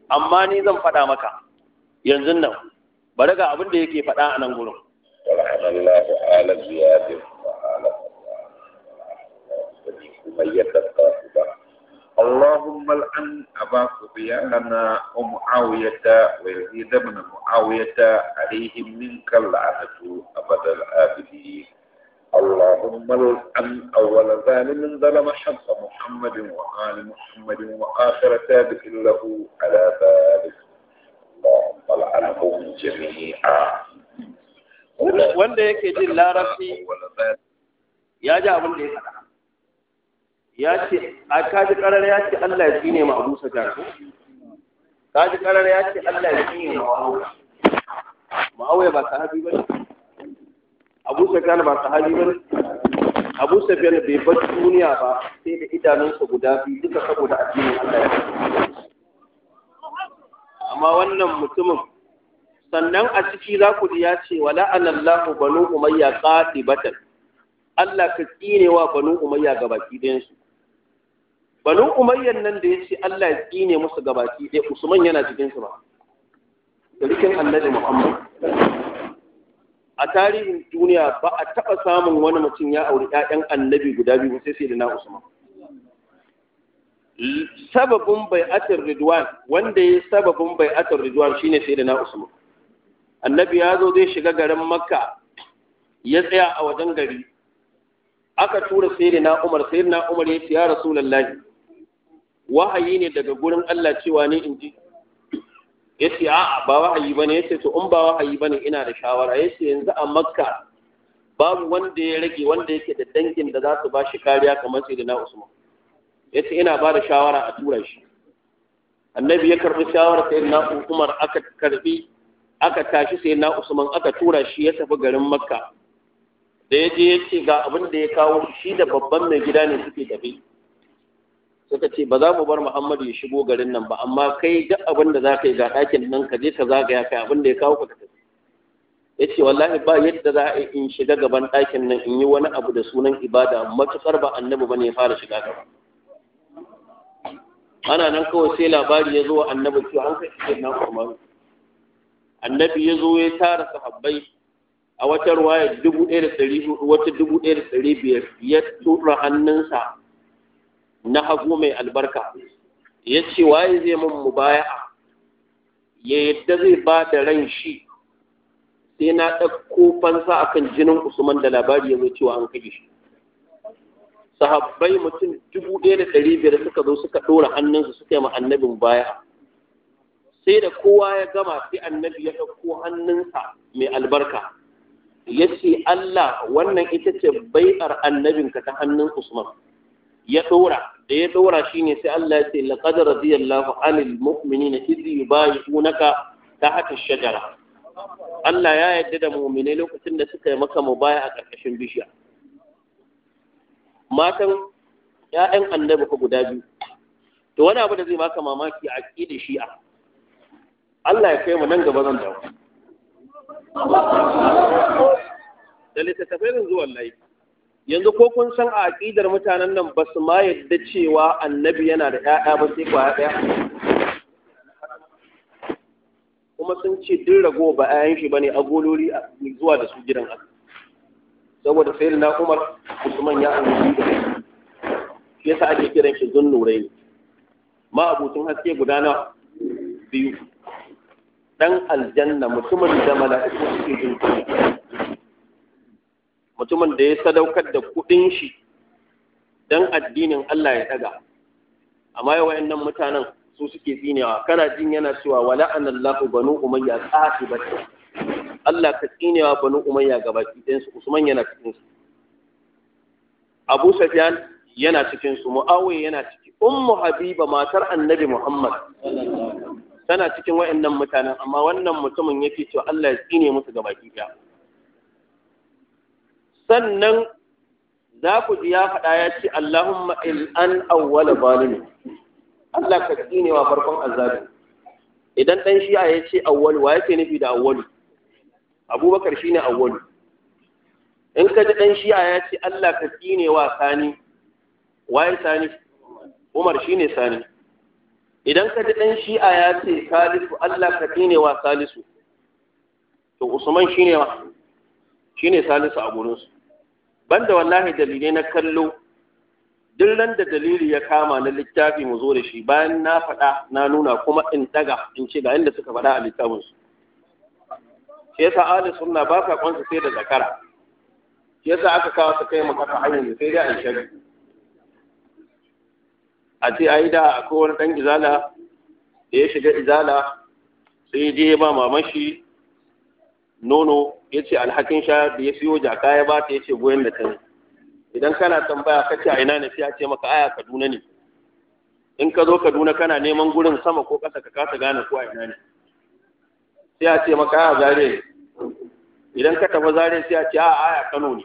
amma ni zan faɗa maka yanzu nan bari ga abin da yake faɗa a nan gurin subhanallahu ala ziyadin wa ala kuma yadda ba اللهم العن أبا سفيان ومعاوية ويزيد بن معاوية عليهم منك اللعنة أبد الآبدين اللهم العن أول ظالم ظلم حق محمد وآل محمد وآخر تابع له على ذلك اللهم العنهم جميعا wanda yake jin larabci ya ji abin da ya faɗa ya ce a kaji karar ya ce Allah ya ne ma Abu Sufyan kaji karar ya ce Allah ya ne ma Muawiya Muawiya ba sahabi ba Abu Sufyan ba sahabi ba Abu Sufyan bai bar duniya ba sai da idanunsa guda biyu duka saboda addinin Allah ya amma wannan mutumin sannan a ciki za ku ya ce wa la'anallahu banu umayya qatibatan Allah ka tsine wa banu umayya ga baki ɗayansu banu umayyan nan da ya ce Allah ya tsine musu gabaki ɗaya usman yana cikin su ba da cikin annabi muhammad a tarihin duniya ba a taɓa samun wani mutum ya auri ƴaƴan annabi guda biyu sai sai da na usman sababin bai'atar ridwan wanda ya sababin bai'atar ridwan shine sai da na usman annabi ya zo zai shiga garin makka ya tsaya a wajen gari aka tura sai da na umar sai da na umar ya ce ya rasu rasulallahi wahayi ne daga gurin Allah cewa ne in ji yace a'a ba wahayi bane yace to in ba wahayi bane ina da shawara yace yanzu a Makka babu wanda ya rage wanda yake da dangin da za su ba shi kariya kamar na Usman yace ina ba da shawara a tura shi annabi ya karbi shawara na Umar aka karbi aka tashi sai na Usman aka tura shi ya tafi garin Makka da ya je ya ce ga abin da ya kawo shi da babban mai gida ne suke tafi suka ce ba za mu bar Muhammadu ya shigo garin nan ba amma kai duk abin da za ka yi ga ɗakin nan ka je ka zagaya kai abin da ya kawo ka tafi ya ce wallahi ba yadda za a in shiga gaban ɗakin nan in yi wani abu da sunan ibada matuƙar ba annabi ba ne ya fara shiga gaba ana nan kawai sai labari ya zo wa annabi cewa an kai shi nan kuma annabi ya zo ya tara sahabbai a wata ruwaya dubu ɗaya da ɗari hudu wata dubu ɗaya da ɗari biyar ya tura hannunsa na hagu mai albarka ya ce waye zai mun mubaya'a ya yadda zai ba da ran shi sai na ɗauko fansa a kan jinin usman da labari ya zo cewa an kaji shi sahabbai mutum dubu ɗaya da ɗari biyar suka zo suka ɗora hannunsu suka yi ma baya sai da kowa ya gama sai annabi ya ɗauko hannunsa mai albarka ya ce Allah wannan ita ce bai'ar annabinka ta hannun Usman ya dora da ya dora shine sai Allah ya ce laqad radiyallahu anil mu'minina idh yubayyi'unaka ta haka shajara Allah ya yadda da mu'minai lokacin da suka yi maka mubaya a ƙarƙashin bishiya matan ‘ya'yan annabi ko guda biyu to wani abu da zai baka mamaki a da shi'a Allah ya kai mu nan gaba zan dawo da littattafai zan zuwan layi. yanzu ko kun san a aƙidar mutanen nan ba su ma yadda cewa annabi yana da ‘ya'ya ba sai kwaya ɗaya kuma sun ce duk rago ba ‘ya'yan shi ba ne a gololi zuwa da su gidan haka saboda sayar na umar usman ya amince da shi yasa ake kiran shi zun nurai ma abutun haske guda na biyu dan aljanna mutumin da mala'iku suke jin mutumin da ya sadaukar da kuɗin shi don addinin Allah ya ɗaga amma yawan nan mutanen su suke tsinewa kana jin yana cewa wala anallahu banu umayya qasibatan Allah ka tsinewa banu umayya gabaki ɗayan su Usman yana cikin su Abu Sufyan yana cikin su Muawiya yana ciki Ummu Habiba matar Annabi Muhammad tana cikin wayannan mutanen amma wannan mutumin yake cewa Allah ya tsine musu gabaki ɗaya sannan za ku ji ya faɗa ya ce Allahumma an awwala zalimi Allah ka tsine wa farkon azabi idan dan shi'a ya ce awwalu wa yake nufi da awwalu Abubakar shine awwalu in ka ji dan shi'a ya ce Allah ka tsine wa sani waye sani Umar shine sani idan ka ji dan shi'a ya ce salisu Allah ka tsine wa salisu to Usman shine wa shine salisu a gurinsu banda wallahi dalilai na kallo duk ran da dalili ya kama na littafi mu zo da shi bayan na faɗa na nuna kuma in daga in ce ga inda suka faɗa a littafin su shi yasa ahli sunna ba sa kwansa sai da zakara shi yasa aka kawo su kai maka hanyar sai dai an shari a ce ai da akwai wani ɗan izala da ya shiga izala sai dai ba mamashi nono ya ce alhakin sha da ya siyo jaka ya bata ya ce goyon da ta ne idan kana tambaya ka ce a ina ne sai ya ce maka aya kaduna ne in ka zo kaduna kana neman gurin sama ko ƙasa ka kasa gane ko a ina ne sai a ce maka aya zare idan ka tafi zare sai a ce a aya kano ne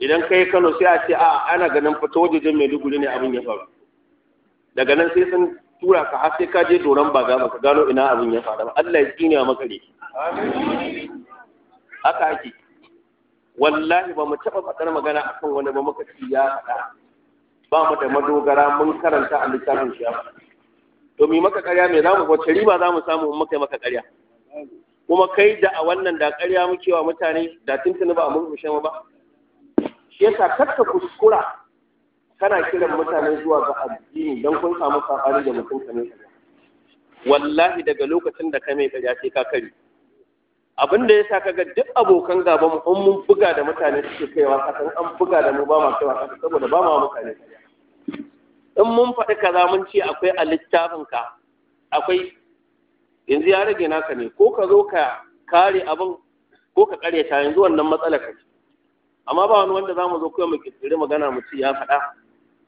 idan ka yi kano sai a ce a ana ganin fito wajen maiduguri ne abin ya faru daga nan sai sun tura ka har sai ka je doron ba ga ka gano ina abin ya faru Allah ya tsine maka makare haka ake wallahi ba mu taɓa fadar magana akan wani ba muka ci ya fada ba mu da madogara mun karanta a littafin shi to mi maka ƙarya me zamu wace riba zamu samu in maka yi maka ƙarya kuma kai da a wannan da ƙarya muke wa mutane da tuntuni ba a mun ba shi yasa kakka kuskura kana kiran mutane zuwa ga addini don kun samu sabari da mutum ka wallahi daga lokacin da ka mai kaja sai ka kari abin da yasa kaga duk abokan gaban mu in mun buga da mutane suke kaiwa kasan an buga da mu ba ma kaiwa kasan saboda ba ma mutane in mun faɗi kaza mun ce akwai a littafin ka akwai yanzu ya rage naka ne ko ka zo ka kare abin ko ka ta, yanzu wannan matsalar ka amma ba wani wanda za mu zo kawai mu kirkiri magana mu ci ya faɗa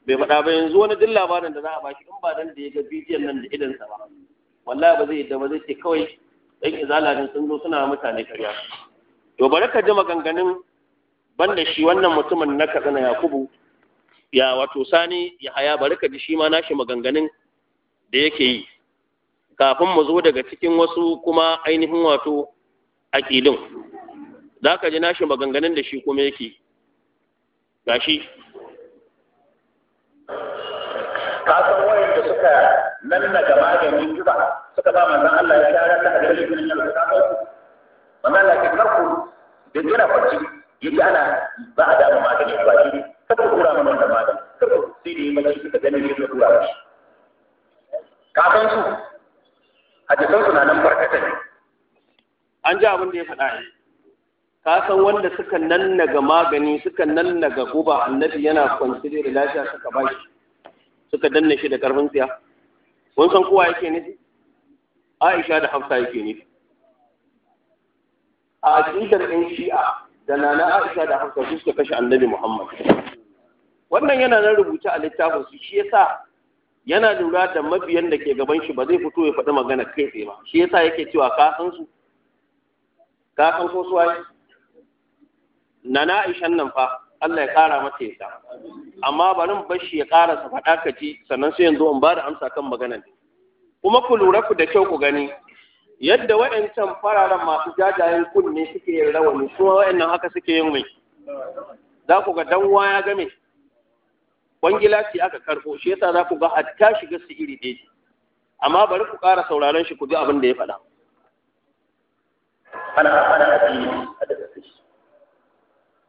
bai faɗa ba yanzu wani duk labarin da za a bashi in ba dan da ya ga bidiyon nan da idansa ba wallahi ba zai da ba zai ce kawai ɗan izalarin sun zo suna mutane karya to bari ka ji maganganun banda shi wannan mutumin na katsina yakubu ya wato sani ya haya bari ka ji shi ma nashi maganganun da yake yi kafin mu zo daga cikin wasu kuma ainihin wato akilin. za ka ji nashi maganganun da shi kuma yake gashi ka san da suka ga maganin kiba suka ba manzon Allah ya gyara ta da rikin nan da kafa manzon Allah ke farko da jira farci yace ana ba a dama magani ba shi kada kura mana da magani kada sai da yake suka gani shi kura shi ka san su hadisan su na nan barkata ne an ji abin da ya faɗa ne ka san wanda suka nannaga magani suka nannaga guba annabi yana kwanci da lafiya suka ba shi suka danne shi da karfin tsiya kun san kowa yake nufi aisha da hafsa yake nufi a aƙidar ɗan shi'a da nana aisha da hafsa su suka kashe annabi muhammad wannan yana nan rubuce a littafin su shi yasa yana lura da mabiyan da ke gaban shi ba zai fito ya faɗi magana kai tsaye ba shi yasa yake cewa ka san su ka san ko suwaye nana aishan nan fa Allah ya kara mata yadda amma bari mu bashi ya kara sa faɗa ka ji sannan sai yanzu in ba amsa kan maganar kuma ku lura ku da kyau ku gani yadda waɗancan fararen masu jajayen kunne suke yin rawani kuma waɗannan haka suke yin mai za ku ga dan waya game kwangila ce aka karbo shi yasa za ku ga hatta shiga su iri ɗaya amma bari ku ƙara sauraron shi ku ji abin da ya faɗa. Ana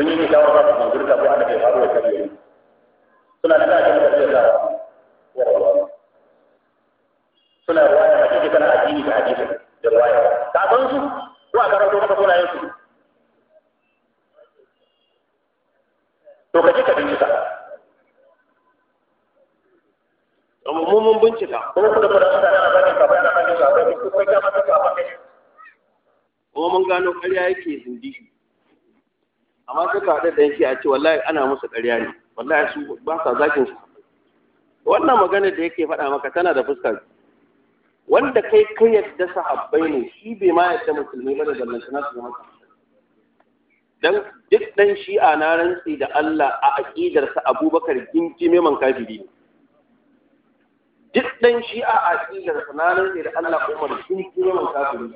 sun yi shawar za su manzuri da kuma da kai faruwa ta biyu suna da kayan da zai da warawa suna ruwaya a cikin kana addini da hadisi da ruwaya ka san su ko a karanto maka sunayen su to ka je ka bincika mu mun bincika kuma kuma da mutane ana bakin ka bayan ana bakin ka bayan ko kai ka mata ka bakin mu mun gano ƙarya yake zindigi amma ka haɗu da yake a ce wallahi ana musu ƙarya ne wallahi su ba sa zakin su wannan magana da yake faɗa maka tana da fuska wanda kai ka yadda sahabbai ne shi bai ma yadda musulmi ba da suna su maka dan duk dan shi'a na rantsi da Allah a aqidarsa Abubakar mai man kafiri duk dan shi'a a sa na rantsi da Allah Umar mai man kafiri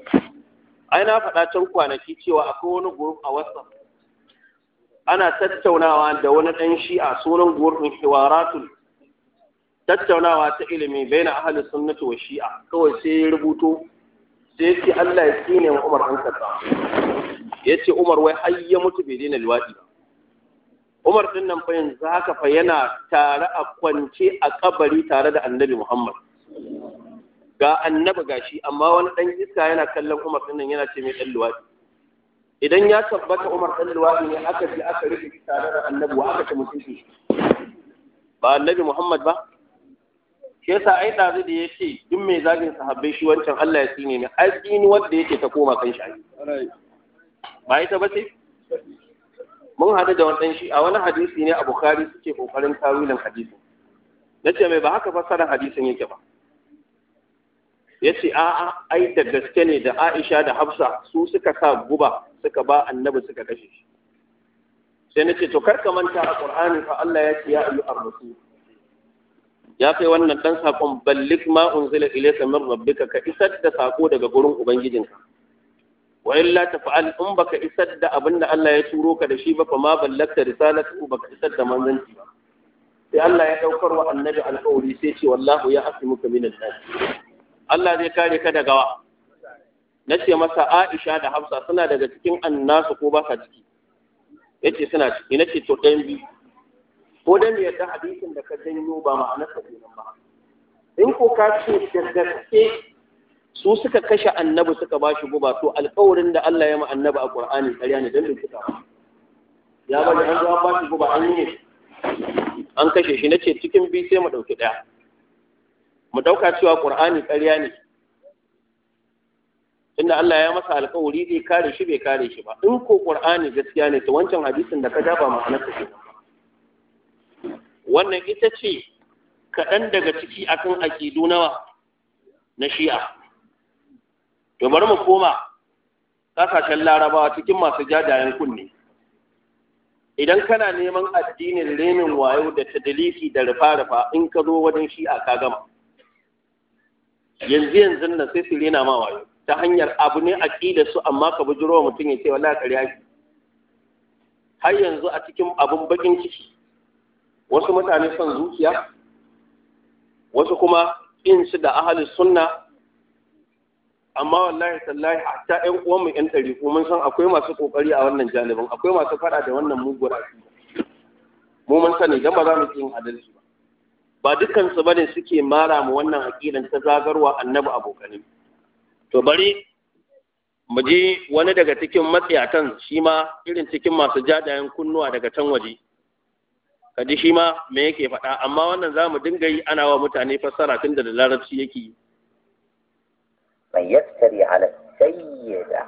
ai na faɗa can kwanaki cewa akwai wani gurup a WhatsApp ana tattaunawa da wani ɗan shi'a sunan gurbin hiwaratul tattaunawa ta ilimi bai na ahali sunnatu wa shi'a kawai sai ya rubuto sai ya ce Allah ya tsine wa Umar an kasa ya ce Umar wai har ya mutu bai daina liwaɗi Umar din nan fa yanzu haka fa yana tare a kwance a kabari tare da Annabi Muhammad ga annabi gashi amma wani ɗan iska yana kallon Umar din nan yana ce mai dan liwaɗi idan ya tabbata Umar dan luwadi ne aka ji aka rufe tare da annabi wa aka ci mutunci ba annabi Muhammad ba shi yasa ai dazu da ya ce duk mai zagin sahabbai shi wancan Allah ya sine ne ai tsini wanda yake ta koma kan shi ba ita ba ce mun hadu da wannan shi a wani hadisi ne a Bukhari suke kokarin tawilin hadisi nace mai ba haka fassara hadisin yake ba yace a'a ai da gaske ne da Aisha da Hafsa su suka sa guba suka ba annabi suka kashe shi sai nace to kar ka manta a qur'ani fa Allah ya ce ya ayu ar ya kai wannan dan sakon ballik ma unzila ilayka min rabbika ka isar da sako daga gurin ubangijinka wa illa tafa'al baka isar da abinda Allah ya turo ka da shi ba fa ma ballakta risalatu baka isar da manzanci ba sai Allah ya daukar wa annabi alƙawari sai ce wallahu ya asimuka min an-nas Allah zai kare ka daga na ce masa aisha da hafsa suna daga cikin annasu ko ba sa ciki ya ce suna ciki na ce to ɗan biyu ko dan yadda hadisin da ka janyo ba ma'anarsa kenan ba in ko ka ce da gaske su suka kashe annabi suka ba shi guba to alƙawarin da Allah ya ma annabi a Qur'ani ƙarya ne dan ba? ya ba an zo ba shi guba an yi an kashe shi nace cikin bi sai mu dauki daya mu dauka cewa Qur'ani ƙarya ne inda Allah ya masa alƙawari zai kare shi bai kare shi ba in ko Qur'ani gaskiya ne to wancan hadisin da ka ja ba ma'anar ta wannan ita ce kaɗan daga ciki akan aƙidu nawa na shi'a to bari mu koma ƙasashen larabawa cikin masu jajayen kunne idan kana neman addinin renin wayo da tadalisi da rufa-rufa in ka zo wajen shi'a ka gama yanzu yanzu na sai su rena ma wayo ta hanyar abu ne a ƙi da su amma ka bujuro mutum ya ce wallahi ƙarya ne har yanzu a cikin abun bakin ciki wasu mutane son zuciya wasu kuma in su da ahalus sunna amma wallahi tallahi hatta ƴan uwanmu ƴan ɗari mun san akwai masu kokari a wannan janibin akwai masu fada da wannan muguwar aqida mu mun sani don ba za mu yin adalci ba ba dukkan su bane suke mara mu wannan aqidan ta zagarwa annabi abokanin to bari mu je wani daga cikin matsiyatan shi ma irin cikin masu jajayen kunnuwa daga can waje ka ji shi ma me yake faɗa amma wannan za mu dinga yi ana wa mutane fassara tun da da larabci yake yi man yaftari ala sayyida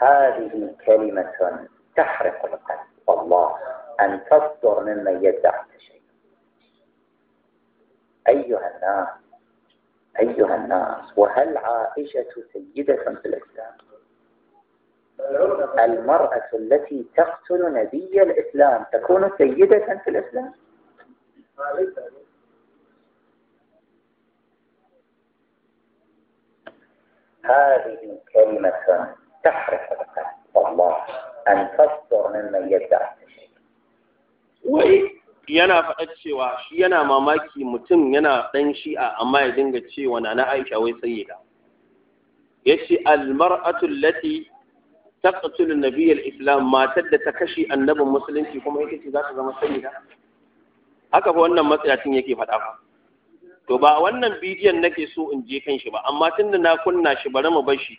هذه كلمة تحرق القلب والله أن تصدر ممن يدعي شيء أيها الناس أيها الناس وهل عائشة سيدة في الإسلام المرأة التي تقتل نبي الإسلام تكون سيدة في الإسلام هذه كلمة تحرق القلب والله أن تصدر ممن يدعي التشريع yana faɗa cewa shi yana mamaki mutum yana ɗan shi'a amma ya dinga cewa na na aisha wai sai da. ya ce almar'atu lati taqtulu biyar islam matar da ta kashe annabin musulunci kuma ita ce za ta zama sayyida haka fa wannan matsayacin yake faɗa fa to ba wannan bidiyon nake so in je kan shi ba amma tunda na kunna shi bari mu bar shi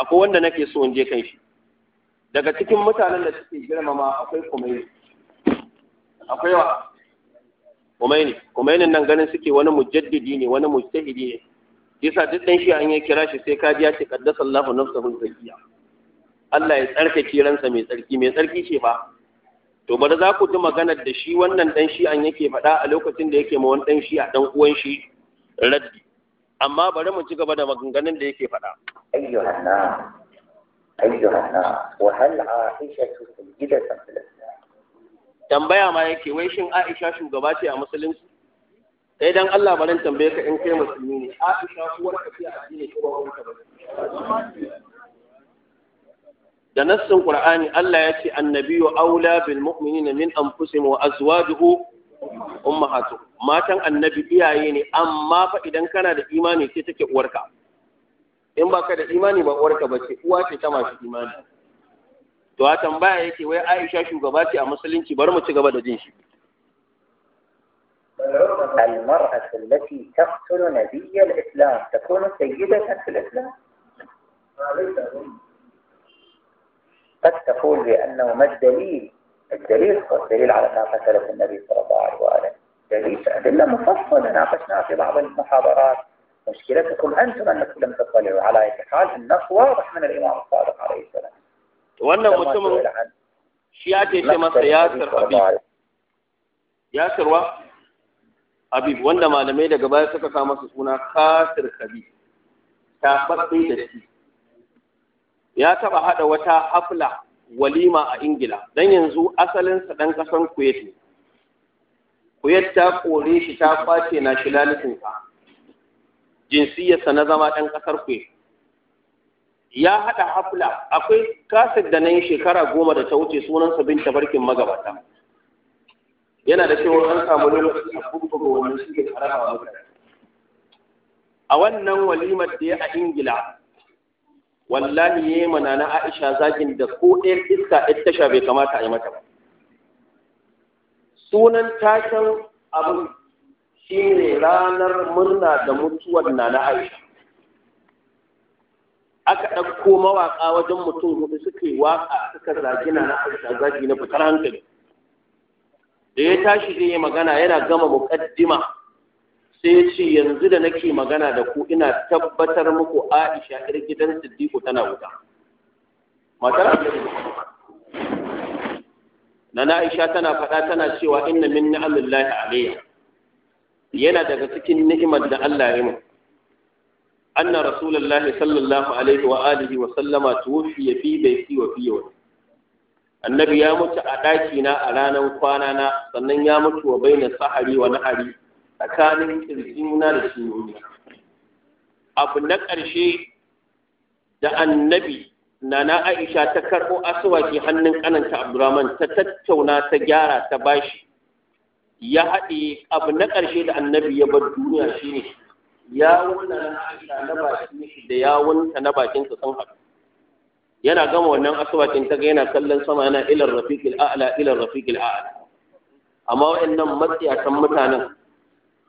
akwai wanda nake so in je kan shi daga cikin mutanen da suke girmama akwai kuma akwai wa Khomeini Khomeini nan ganin suke wani mujaddidi ne wani mujtahidi ne yasa duk dan shi an yi kira shi sai ka ya ce qaddasa Allahu nafsahu zakiya Allah ya tsarkake ransa mai tsarki mai tsarki ce ba to bari za ku ji maganar da shi wannan dan shi an yake faɗa a lokacin da yake ma wani dan shi a dan uwan shi raddi amma bari mu ci gaba da maganganun da yake faɗa ayyuhanna ayyuhanna wa hal aisha sujidatan fil tambaya ma yake wai shin Aisha shugaba ce a musulunci Sai dan Allah barin tambaye ka in kai musulmi ne Aisha uwar ka ce addini ko ba wani ba da nassin Qur'ani Allah ya ce annabiyyu aula bil mu'minina min anfusihim wa azwajuhu ummahatu matan annabi iyaye ne amma fa idan kana da imani sai take uwarka in baka da imani ba uwarka ba ce uwa ce ta masu imani to a tambaya yake wai Aisha shugaba ce a musulunci bari mu ci gaba da jin shi المرأة التي تقتل نبي الإسلام تكون سيدة في الإسلام قد تقول بأنه ما الدليل الدليل هو الدليل على ما قتله النبي صلى الله عليه وآله دليل أدلة مفصلة ناقشناها في بعض المحاضرات مشكلتكم أنتم أنكم لم تطلعوا على أي حال النص واضح من الإمام الصادق عليه السلام wannan mutumin shi ya ce masa yasir habib yasirwa habib wanda malamai daga baya suka kama su suna kasir habib ta faɗi da shi ya taɓa haɗa wata hafla walima a ingila don yanzu asalinsa ɗan ƙasan kuwait kuwait ta kore shi ta kwace na shilalitinsa jinsiyarsa na zama ɗan ƙasar kuwait ya haɗa hafla akwai kasar da nan shekara goma da ta wuce sunansa Binta barkin magabata yana da cewa an samu lokaci a wannan a wannan walimar da ya a ingila wallahi ya yi mana na aisha zagin da ko ɗaya iska ɗaya tasha bai kamata a yi mata ba sunan tashin abin shi ne ranar murna da mutuwar na na aisha aka ɗauko mawaƙa wajen mutum hudu suka yi waƙa suka zagi na na zagi na fitar hankali da ya tashi zai yi magana yana gama muƙaddima sai ya ce yanzu da nake magana da ku ina tabbatar muku aisha ƴar gidan siddiqu tana wuta matar na aisha tana faɗa tana cewa inna min ni'amillahi alayya yana daga cikin ni'imar da Allah ya yi أن رسول الله صلى الله عليه وآله وسلم توفي في بيتي وفي يومي annabi ya mutu a ɗakina a ranar kwanana sannan ya mutu wa bai na sahari wa nahari tsakanin na da shiyoyi abu na ƙarshe da annabi na na aisha ta karɓo asuwaki hannun ƙananta abdurrahman ta tattauna ta gyara ta bashi ya haɗe abu na ƙarshe da annabi ya bar duniya shine yawun na bakin shi da yawun ta na bakin sa sun haɗu yana gama wannan asibitin ta ga yana kallon sama yana ilar rafiqil a'la ilar rafiqil a'la amma wayannan matsiyatan mutanen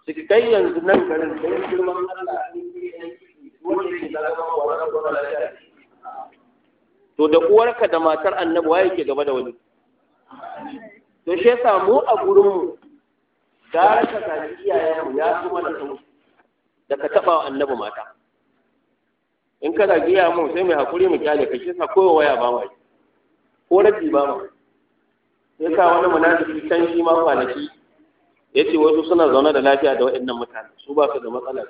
su kai yanzu nan garin sai girman Allah ne wanda da gaba wa rabbana to da uwarka da matar annabi waye ke gaba da wani to shi yasa mu a gurinmu da ka ga iyayenmu ya kuma da sauki da ka taɓa wa annabi mata in kana giya mun sai mai hakuri mu kyale ka shi sa kowa waya ba ma ko rabi ba ma sai ka wani munafiki can shi ma kwanaki ya ce wasu suna zaune da lafiya da waɗannan mutane su ba su da matsala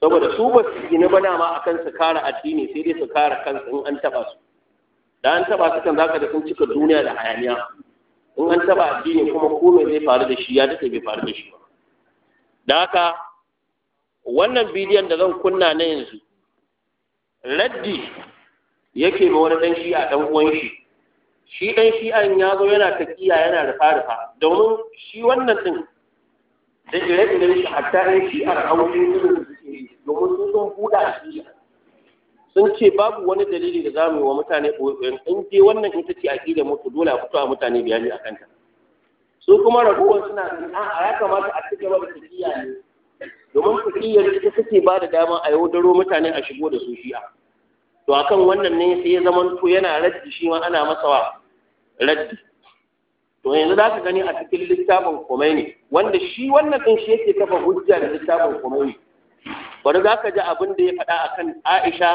saboda su ba su gina ba dama akan su kara addini sai dai su kara kansu in an taɓa su da an taɓa su kan ka da sun cika duniya da hayaniya in an taɓa addini kuma komai zai faru da shi ya dace bai faru da shi ba da haka wannan bidiyon da zan kunna na yanzu raddi yake ma wani ɗan shi'a ɗan uwan shi shi ɗan shi'a ya zo yana ta kiya yana rufa rufa domin shi wannan ɗin da ire ire shi hatta ɗan shi'ar aure ne domin sun sun buɗa a shi'a sun ce babu wani dalili da za mu yi wa mutane ɓoyon in je wannan ita ce da mutu dole a fito a mutane bayani a kanta su kuma ragowar suna a ya kamata a cigaba da ta ne domin kuɗiyar ita take ba da dama a yaudaro mutane a shigo da su shi'a to akan wannan ne sai ya zama to yana raddi shi ma ana masa wa raddi to yanzu za ka gani a cikin littafin Khomeini wanda shi wannan din shi yake kafa hujja da littafin Khomeini bari za ka ji abin da ya faɗa akan Aisha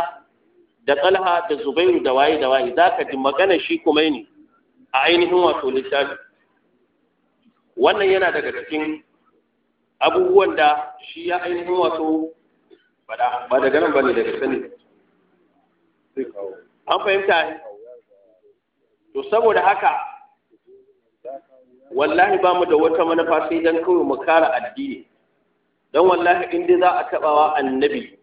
da Talha da Zubairu da waye da waye za ka ji magana shi Khomeini a ainihin wato littafi wannan yana daga cikin abubuwan da shi ya ainihin wato ba da ganin ba ne daga sani an fahimta ne to saboda haka wallahi ba mu da wata manufa sai dan kawai mu kara addini don wallahi in dai za a tabawa annabi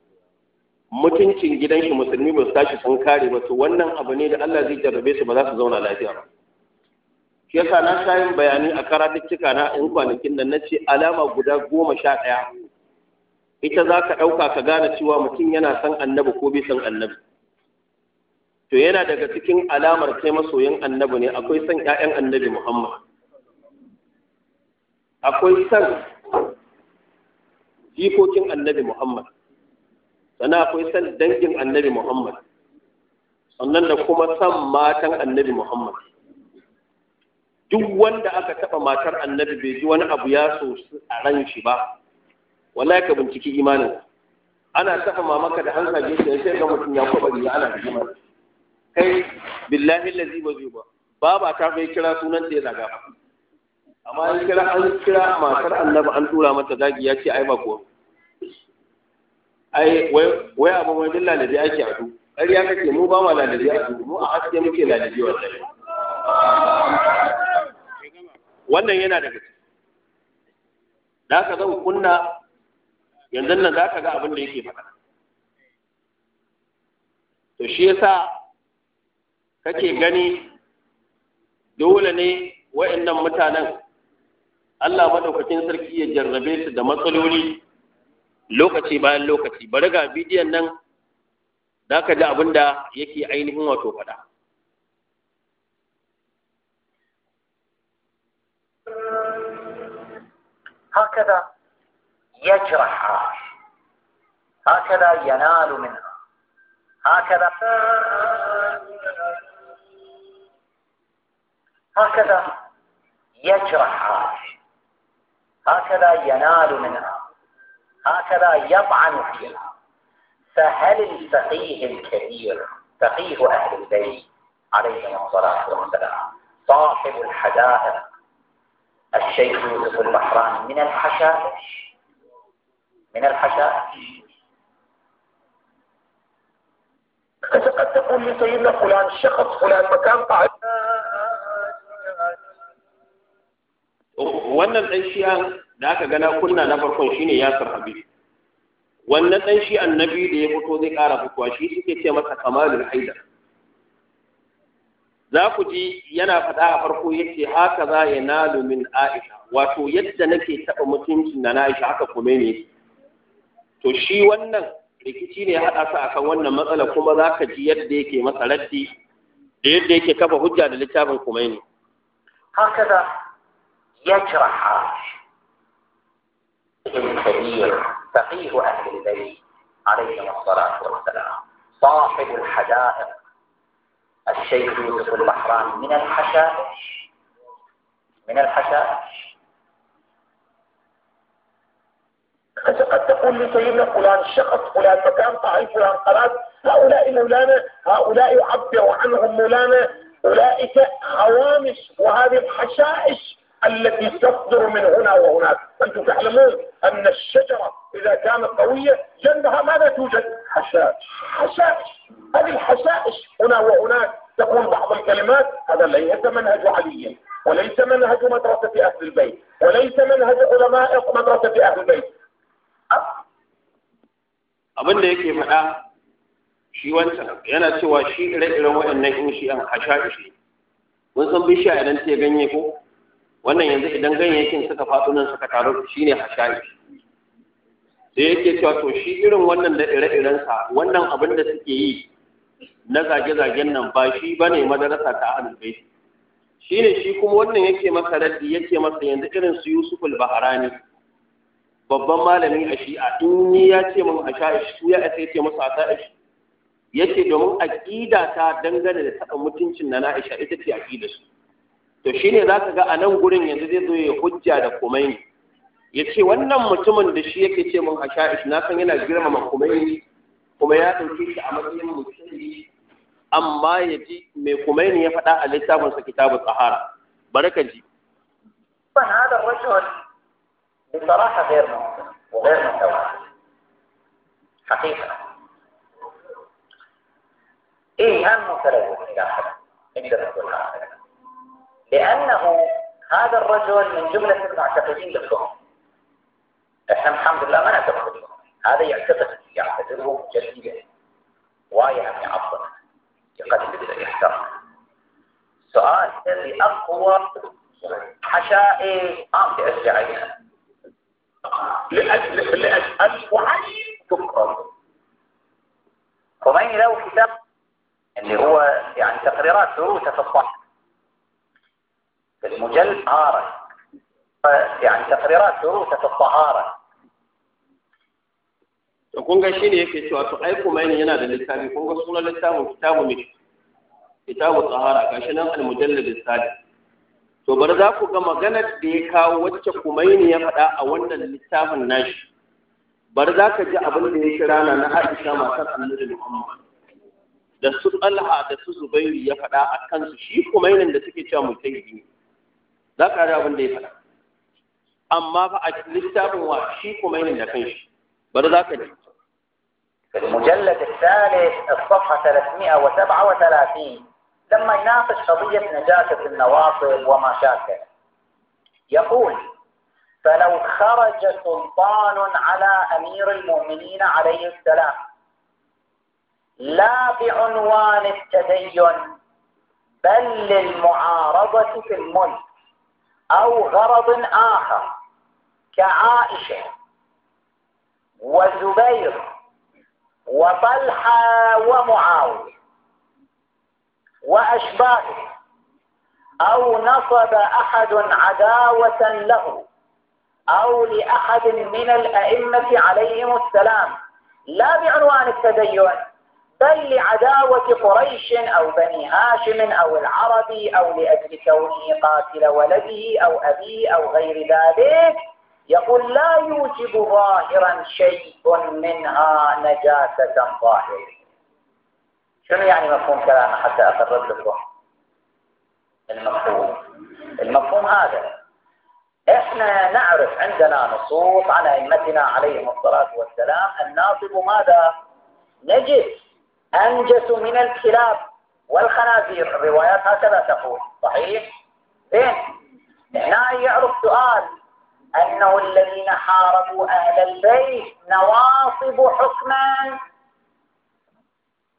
mutuncin gidan shi musulmi ba su tashi sun kare ba to wannan abu ne da Allah zai jarrabe su ba za su zauna lafiya ba shi yasa na sayin bayani a karatuttuka na in kwanakin nan nace alama guda goma sha ɗaya ita za ka ɗauka ka gane cewa mutum yana son annabi ko bai san annabi to yana daga cikin alamar kai masoyin annabi ne akwai son ƴaƴan annabi Muhammad akwai son jikokin annabi Muhammad sannan akwai son dangin annabi Muhammad sannan da kuma son matan annabi Muhammad duk wanda aka taɓa matar annabi bai ji wani abu ya so a ran shi ba wallahi ka binciki imanin ana taɓa mamaka da an sage shi sai ga mutum ya kwabari ya ana rigima kai billahi lazi ba zai ba baba ta bai kira sunan da ya zaga amma an kira an kira matar annabi an tura mata zagi ya ce ai ba kuwa ai wai abin wani dilla da ake adu ƙarya kake mu ba ma lalabi adu mu a aske muke lalabi wallahi wannan yana daga da ka zan kunna yanzu nan za ka ga abin da yake faɗa to shi yasa kake gani dole ne wa'annan mutanen Allah madaukakin sarki ya jarrabe su da matsaloli lokaci bayan lokaci bari ga bidiyon nan za ka ji abinda yake ainihin wato faɗa هكذا يجرح عاش هكذا ينال منها هكذا هكذا يجرح عاش هكذا ينال منها هكذا يطعن فيها فهل الفقيه الكبير فقيه أهل البيت عليهم الصلاة والسلام صاحب الحدائق الشيخ يوسف البحراني من الحشائش من الحشائش قد تقول لي سيدنا فلان شخص فلان مكان قاعد wannan ɗan shi'an da aka gana kunna na farkon shine yasir habib wannan ɗan shi'an na biyu da ya fito zai ƙara fitowa shi suke ce masa kamalul haidar za ku ji yana faɗa a farko ya ce haka za ya nalu min aisha wato yadda nake taɓa mutuncin na aisha haka kuma ne to shi wannan rikici ne ya haɗa su akan wannan matsala kuma za ka ji yadda yake masa raddi da yadda yake kafa hujja da littafin kuma ne haka da ya kira الكبير فقيه أهل البيت عليهم الصلاة والسلام صاحب الحدائق الشيخ يوسف البحراني من الحشائش من الحشائش قد تقول لي سيدنا طيب فلان شخص فلان مكان طاعي فلان قرات هؤلاء مولانا هؤلاء يعبر عنهم مولانا أولئك هوامش وهذه الحشائش التي تصدر من هنا وهناك أنتم تعلمون أن الشجرة إذا كانت قوية جنبها ماذا توجد حشائش حشائش هذه الحشائش هنا وهناك تكون بعض الكلمات هذا ليس منهج علي وليس منهج مدرسة أهل البيت وليس منهج علماء مدرسة أهل البيت abin da yake faɗa shi wancan yana cewa shi ire-iren waɗannan in shi an hasha shi mun san a idan ta ganye ko wannan yanzu idan ganyayyakin suka faɗo nan suka taru shi ne hasha shi da yake cewa to shi irin wannan da ire-irensa wannan abin da suke yi na zage-zagen nan ba shi ba ne madarasa ta ahlul shi ne shi kuma wannan yake masa raddi yake masa yanzu irin su yusuf al-baharani babban malami a shi'a in ni ya ce min shi su ya ce masa shi yake domin aqida ta dangane da taɓa mutuncin na na'isha ita ce aƙida su to shine zaka ga a nan gurin yanzu zai zo ya hujja da komai ne yace wannan mutumin da shi yake ce mun hasha'ish na san yana girmama kumaini kuma ya dauke shi a matsayin mutumi amma yaji ji mai kumaini ya faɗa a littafin sa kitabu tsahara barakan ji hada الرجل بصراحة غير ممكن وغير متوازن حقيقة إيه هم متلوث داخله نقدر نقول هذا لأنه هذا الرجل من جملة المعتقدين للكفر احنا الحمد لله ما نعتقد هذا يعتقد يعتقده يعني جليا ويعني عظمه يقدم بلا يحترم سؤال الذي اقوى حشائم امتع الشعيره لاجل لاجل وعلي تكرم خميني له كتاب اللي هو يعني تقريرات دروسه في الصح في المجلد عارف يعني تقريرات دروسه في الطهاره to kun ga shine yake cewa to ai kumaini yana da littafi kun ga sunan littafin kitabu ne kitabu tsahara gashi nan al-mujallad al-sadi to bari za ku ga maganar da ya kawo wacce kuma kumaini ya faɗa a wannan littafin nashi bari za ka ji abin da ya kira na na Aisha matar Annabi Muhammad da su Talha da su Zubairu ya faɗa a kansu shi kumainin da suke cewa mutaidi ne za ka ji abin da ya faɗa amma fa a littafin wa shi kumainin da kanshi bari za ka ji في المجلد الثالث الصفحة 337 لما يناقش قضية نجاسة النواصب وما شابه يقول فلو خرج سلطان على أمير المؤمنين عليه السلام لا بعنوان التدين بل للمعارضة في الملك أو غرض آخر كعائشة وزبير وطلحة ومعاوية وأشباهه أو نصب أحد عداوة له أو لأحد من الأئمة عليهم السلام لا بعنوان التدين بل لعداوة قريش أو بني هاشم أو العربي أو لأجل كونه قاتل ولده أو أبيه أو غير ذلك يقول لا يوجب ظاهرا شيء منها نجاسة ظاهرة شنو يعني مفهوم كلامه حتى أقرب لكم المفهوم المفهوم هذا احنا نعرف عندنا نصوص على ائمتنا عليهم الصلاه والسلام الناصب ماذا؟ نجس انجس من الكلاب والخنازير الروايات هكذا تقول صحيح؟ زين هنا يعرف سؤال أنه الذين حاربوا أهل البيت نواصب حكما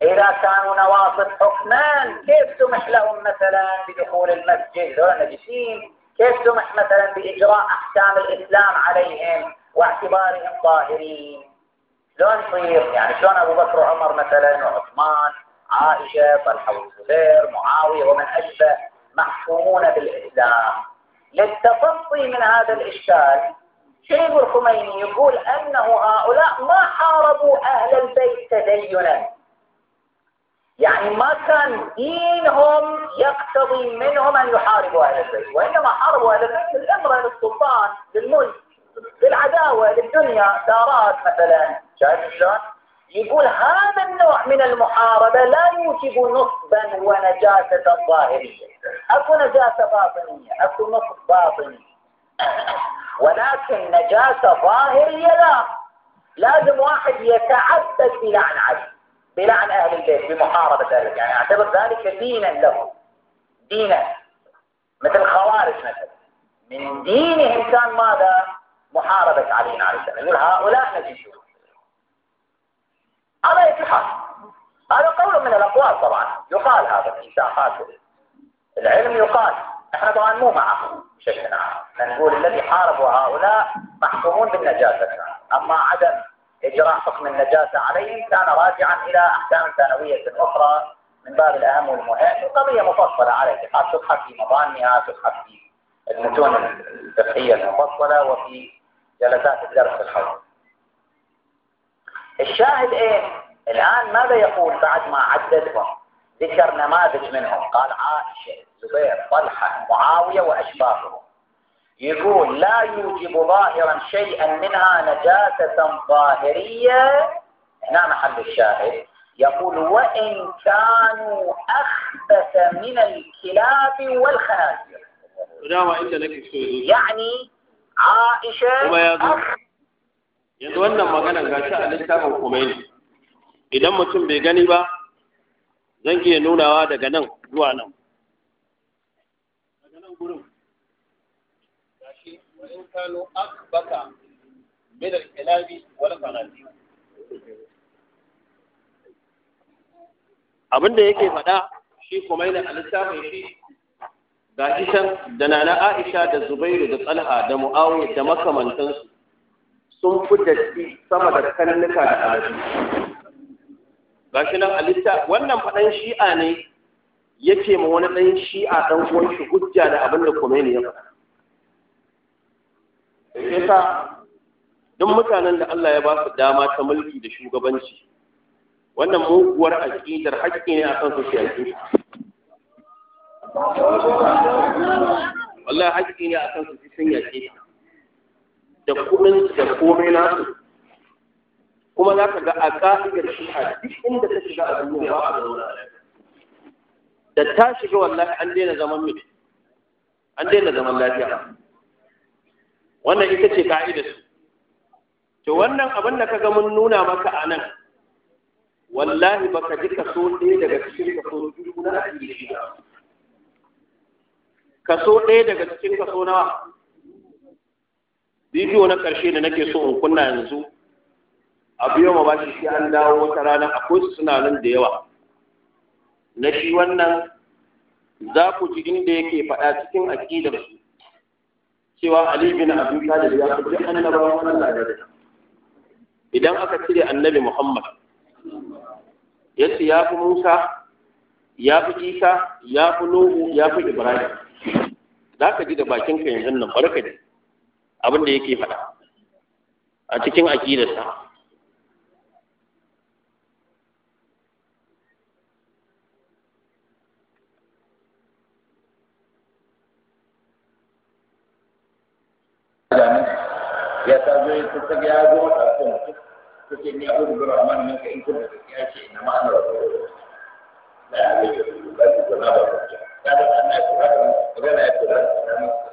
إذا كانوا نواصب حكما كيف سمح لهم مثلا بدخول المسجد ذولا نجسين كيف سمح مثلا بإجراء أحكام الإسلام عليهم واعتبارهم ظاهرين شلون يصير يعني شلون أبو بكر وعمر مثلا وعثمان عائشة طلحة والزبير معاوية ومن أشبه محكومون بالإسلام للتفطي من هذا الإشكال شيخ الخميني يقول أنه هؤلاء ما حاربوا أهل البيت تدينا يعني ما كان دينهم يقتضي منهم أن يحاربوا أهل البيت وإنما حاربوا أهل البيت للأمر للسلطان للملك للعداوة للدنيا ثارات مثلا شايف شلون؟ يقول هذا النوع من المحاربة لا يوجب نصبا ونجاسة ظاهرية أكو نجاسة باطنية أكو نصب باطني ولكن نجاسة ظاهرية لا لازم واحد يتعبد بلعن عبد بلعن أهل البيت بمحاربة ذلك يعني اعتبر ذلك دينا له دينا مثل الخوارج مثلا من دينهم كان ماذا؟ محاربة علي عليه السلام يقول هؤلاء نجسون على أي حال هذا قول من الأقوال طبعا يقال هذا في هكذا العلم يقال احنا طبعا مو معه بشكل عام نقول الذي حاربوا هؤلاء محكومون بالنجاسة أما عدم إجراء حكم النجاسة عليهم كان راجعا إلى أحكام ثانوية أخرى من باب الأهم والمهم القضية مفصلة على الاتحاد تبحث في مضانها تبحث في المتون الفقهية المفصلة وفي جلسات الدرس الخاص الشاهد ايه الآن ماذا يقول بعد ما عددهم ذكر نماذج منهم قال عائشة زبير طلحة معاوية وأشباههم يقول لا يوجب ظاهرا شيئا منها نجاسة ظاهرية هنا محل الشاهد يقول وإن كانوا أخبث من الكلاب والخنازير يعني عائشة yanzu wannan magana ga shi a littafin Khomeini idan mutum bai gani ba zan iya nunawa daga nan zuwa nan daga nan gurin gashi wa in kano akbaka baka al-kilabi wal qanati abin da yake faɗa shi Khomeini a littafin shi ga isan da nana Aisha da Zubairu da tsalha da Muawiya da makamantansu sun fi datti sama da kannuka da alaji shi nan alitta wannan faɗan shi'a ne yake ma wani ɗan shi'a ɗan uwan shi hujja da abin da ne ya faɗa sa duk mutanen da Allah ya ba su dama ta mulki da shugabanci wannan muguwar aƙidar haƙƙi ne akan su shi yaƙi wallahi haƙƙi ne akan su sun yaƙi da kuɗin da komai na su kuma za ka ga a ƙa'idar a duk inda ta shiga a duniya ba a zauna da ta shiga wallahi an daina zaman mutum an daina zaman lafiya wannan ita ce ka'idar su to wannan abin da ka ga mun nuna maka a nan wallahi ba ka ji kaso ɗaya daga cikin kaso dubu na addini kaso ɗaya daga cikin kaso nawa bidiyo na ƙarshe da nake so in kunna yanzu a biyo ma ba shi shi an dawo wata rana akwai su suna nan da yawa na shi wannan za ku ji inda yake faɗa cikin aƙidar su cewa Ali bin Abi Talib ya fi annabawan Allah da idan aka cire annabi Muhammad ya ce ya fi Musa ya fi Isa ya fi Nuhu ya fi Ibrahim za ka ji da bakinka yanzu nan barka da abin da yake faɗa a cikin aƙidarsa ya ta zo ya ta ya zo a kan abu da rahman ka in da ce da ya ba su ba da ana da ya da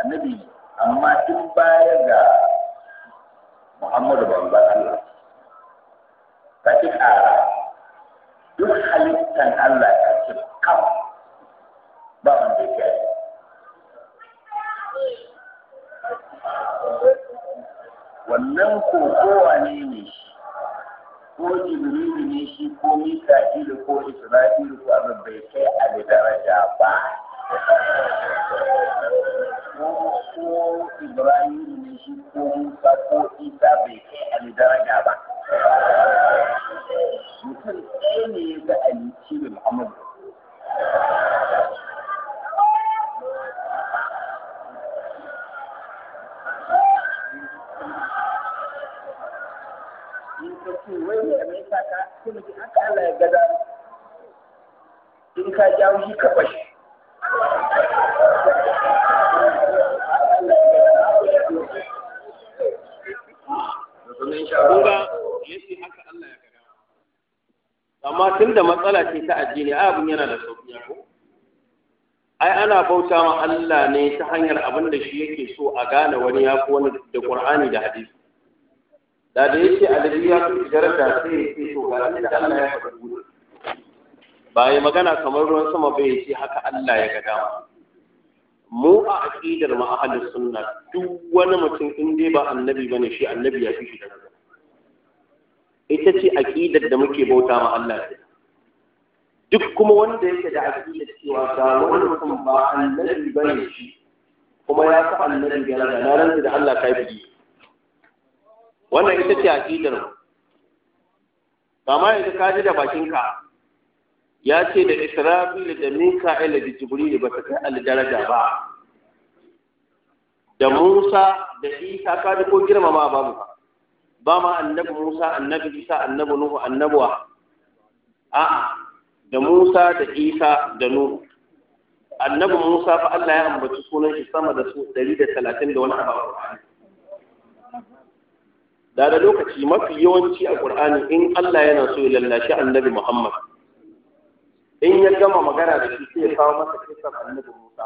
annabi amma tun baya ga Muhammadu ban Allah ka ci ƙara duk halittan Allah ka ci kam ba wanda ya wannan kokowa ne ne shi ko jibrilu ne shi ko mika'ilu ko isra'ilu ko abin bai kai a daraja ba ko Ibrahim ne shi ko ko Isa bai kai daraja ba. Mutum ne ya ga Ali Muhammadu. ka ce wai ne mai gada. In ka jawo shi ka amma tun da matsala ce ta addini ai abin yana da sauƙi ko ai ana bauta ma Allah ne ta hanyar abin da shi yake so a gane wani ya ko wani da Qur'ani da hadisi da da yake adabi ya fi jarata sai yake so ga Allah ya faɗi ba yi magana kamar ruwan sama bai ce haka Allah ya ga dama mu a aqidar mu ahlus sunna duk wani mutum in dai ba annabi bane shi annabi ya fi shi da ita ce aqidar da muke bauta ma Allah da duk kuma wanda yake da aqidar cewa ga wani mutum ba annabi bane shi kuma ya ka annabi ya ga na ranta da Allah ka yi wannan ita ce aqidar ba kama yanzu ka ji da bakinka ya ce da israfil da mika'ila da jibril ba ta kai aljaraja ba da musa da isa ka da ko girmama ba mu ba ma annabi musa annabi isa annabi nuhu annabuwa a da musa da isa da nuhu annabi musa fa Allah ya ambaci sunan shi sama da su ɗari da talatin da wani abu da da lokaci mafi yawanci a ƙur'ani in Allah yana so ya lallashi annabi Muhammad in ya gama magana da shi sai ya kawo masa kisan annabi Musa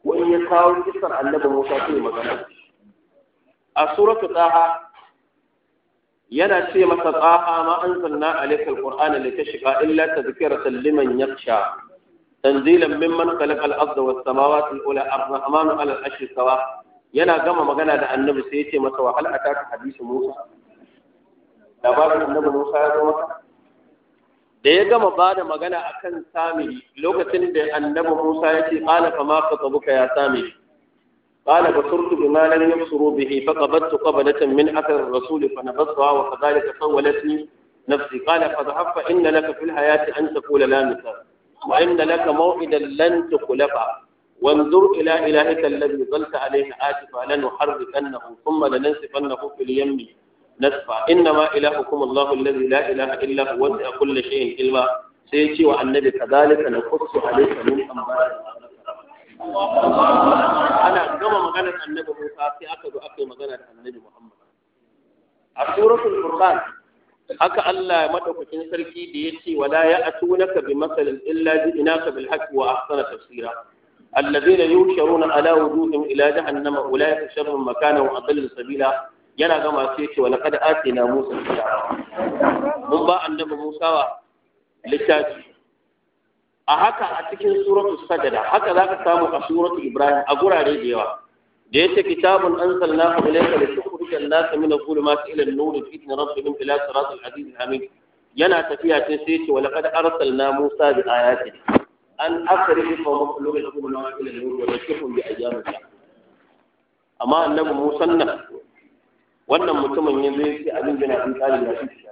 ko in ya kawo kisan annabi Musa sai ya magana a suratu Taha yana ce masa Taha ma anzalna alayka alqur'ana litashqa illa tadhkiratan liman yakhsha tanzilan mimman khalaqa al-ardha was-samawati al-ula ar-rahmanu 'ala al-'arshi sawa yana gama magana da annabi sai ya ce masa wa hal ataka hadisu Musa Da labarin annabi Musa ya zo maka da ya gama ba da magana a kan samiri lokacin da annabi musa ya ce ƙala ma ka tsabuka ya samiri ƙala ba surtu bi ma lam yabsuru bihi fa qabattu qabalatan min athar rasul fa nabattuha wa kadhalika sawwalatni nafsi ƙala fa dhahab fa inna laka fil hayati an taqula la misal wa inna laka maw'idan lan tukhlafa وانظر إلى إلهك الذي ظلت عليه آتفا لنحركنه ثم لننسفنه في اليم nasfa innama ilahukum Allahu alladhi la ilaha illa huwa wasi'a kulli shay'in ilma sai ya ce wa annabi kadhalika naqussu alayka min anba'i ana gama maganar annabi Musa sai aka zo aka yi magana da annabi Muhammad a suratul furqan haka Allah ya madaukakin sarki da ya ce wala ya'tunaka bi masalin illa ji'naka bil haqqi wa ahsana tafsira alladhina yusharuna ala wujuhihim ila jahannama ulaika sharrun makana wa adallu sabila yana gama sai ce wa laqad atina musa kitaba mun ba annabi musa wa littafi a haka a cikin suratu sajada haka zaka samu a suratu ibrahim a gurare da yawa da yace kitabun anzalnahu ilayka litukhrija an-nasa min adh-dhulumati ila an-nur bi idni rabbihim ila siratil azizil hamid yana tafiya sai sai ce wa laqad arsalna musa bi ayatina an akhrij qawmaka min adh-dhulumati ila an-nur wa dhakkirhum bi ayyamin amma annabi musa nan wannan mutumin ya zai ce abin na fi tsari na shi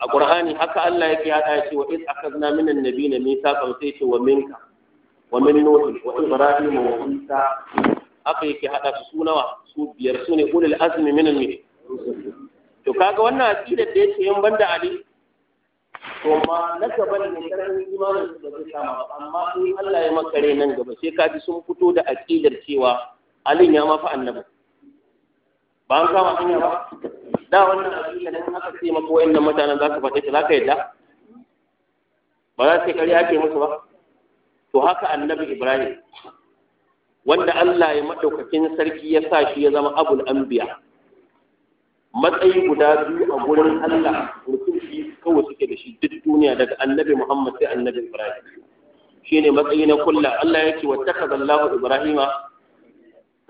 a qur'ani haka Allah yake hada shi wa iz akhadna minan nabiyina mithaqan sai ce wa minka wa min nuh wa ibrahim wa isa haka yake hada su sunawa su biyar su ne ulul azmi minan nabi to kaga wannan asirin da yake yan banda ali to ma na gaban ne karin imanin da zai sama amma in Allah ya makare nan gaba sai kaji sun fito da aqidar cewa alin ya mafi annabi ba an kama hanya ba da wannan aƙida dan haka sai maka inda mutanen za su faɗe shi za ka yadda ba za su karya ake musu ba to haka annabi ibrahim wanda Allah ya maɗaukakin sarki ya sa shi ya zama abul anbiya matsayi guda biyu a gurin Allah mutum shi kawai suke da shi duk duniya daga annabi Muhammad sai annabi Ibrahim shine matsayi na kulla Allah ya ce wattakaza Allahu Ibrahim?